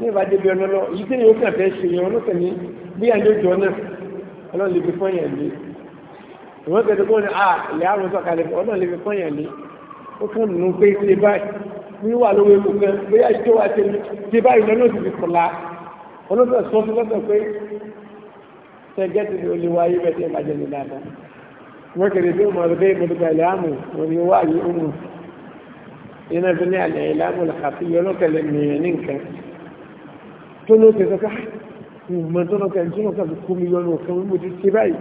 ní ìbàdí bí ọlọ́lọ́ yìí tí yóò kàn fẹ́ ṣe yẹn olókè ní bí àjọ jọ náà ọlọ́run lè fi fọ́n yẹn lé ìwọ́n kẹ́tọ́ kó ní ah ìyá àrùn sọ̀kalẹ̀ ọlọ́run lè fi fọ́n yẹn lé ó kàn nù pé ṣe báyìí wíwà lówó ewu kan bóyá ìjọ wa ṣe ṣe báyìí lọ́nà ti fi kọ̀la ọlọ́sọ̀ sọ fún lọ́sọ̀ pé tẹ́gẹ́tì ni olè wáyé bẹ́ẹ̀ tẹ́ ìbàjẹ́ ní dáadáa wọ́n kẹ́tọ́ bí ọmọ tó ló ṣe sọ ká ìmọ̀ ah, tó lọ́kẹ́ tó lọ́kẹ́ tó kó mi yọnu ọ̀kan mo ti ṣe báyìí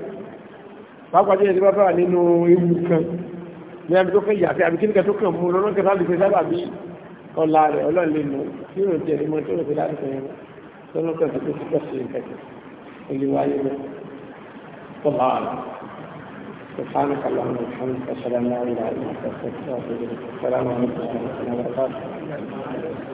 pàápàá jẹ́ ìdíbà bára nínú ewu kan ní àbí tó kẹ́ yàtẹ̀ àbí kíníkà tó kàn mú lọ́nà kẹta lè fẹ́ sábà bí ọ̀la rẹ̀ ọlọ́run lè nù kí ó jẹ́ ìmọ̀ tó lọ́kẹ́ láti fẹ́ yẹn tó rẹ̀ tọ́lá rẹ̀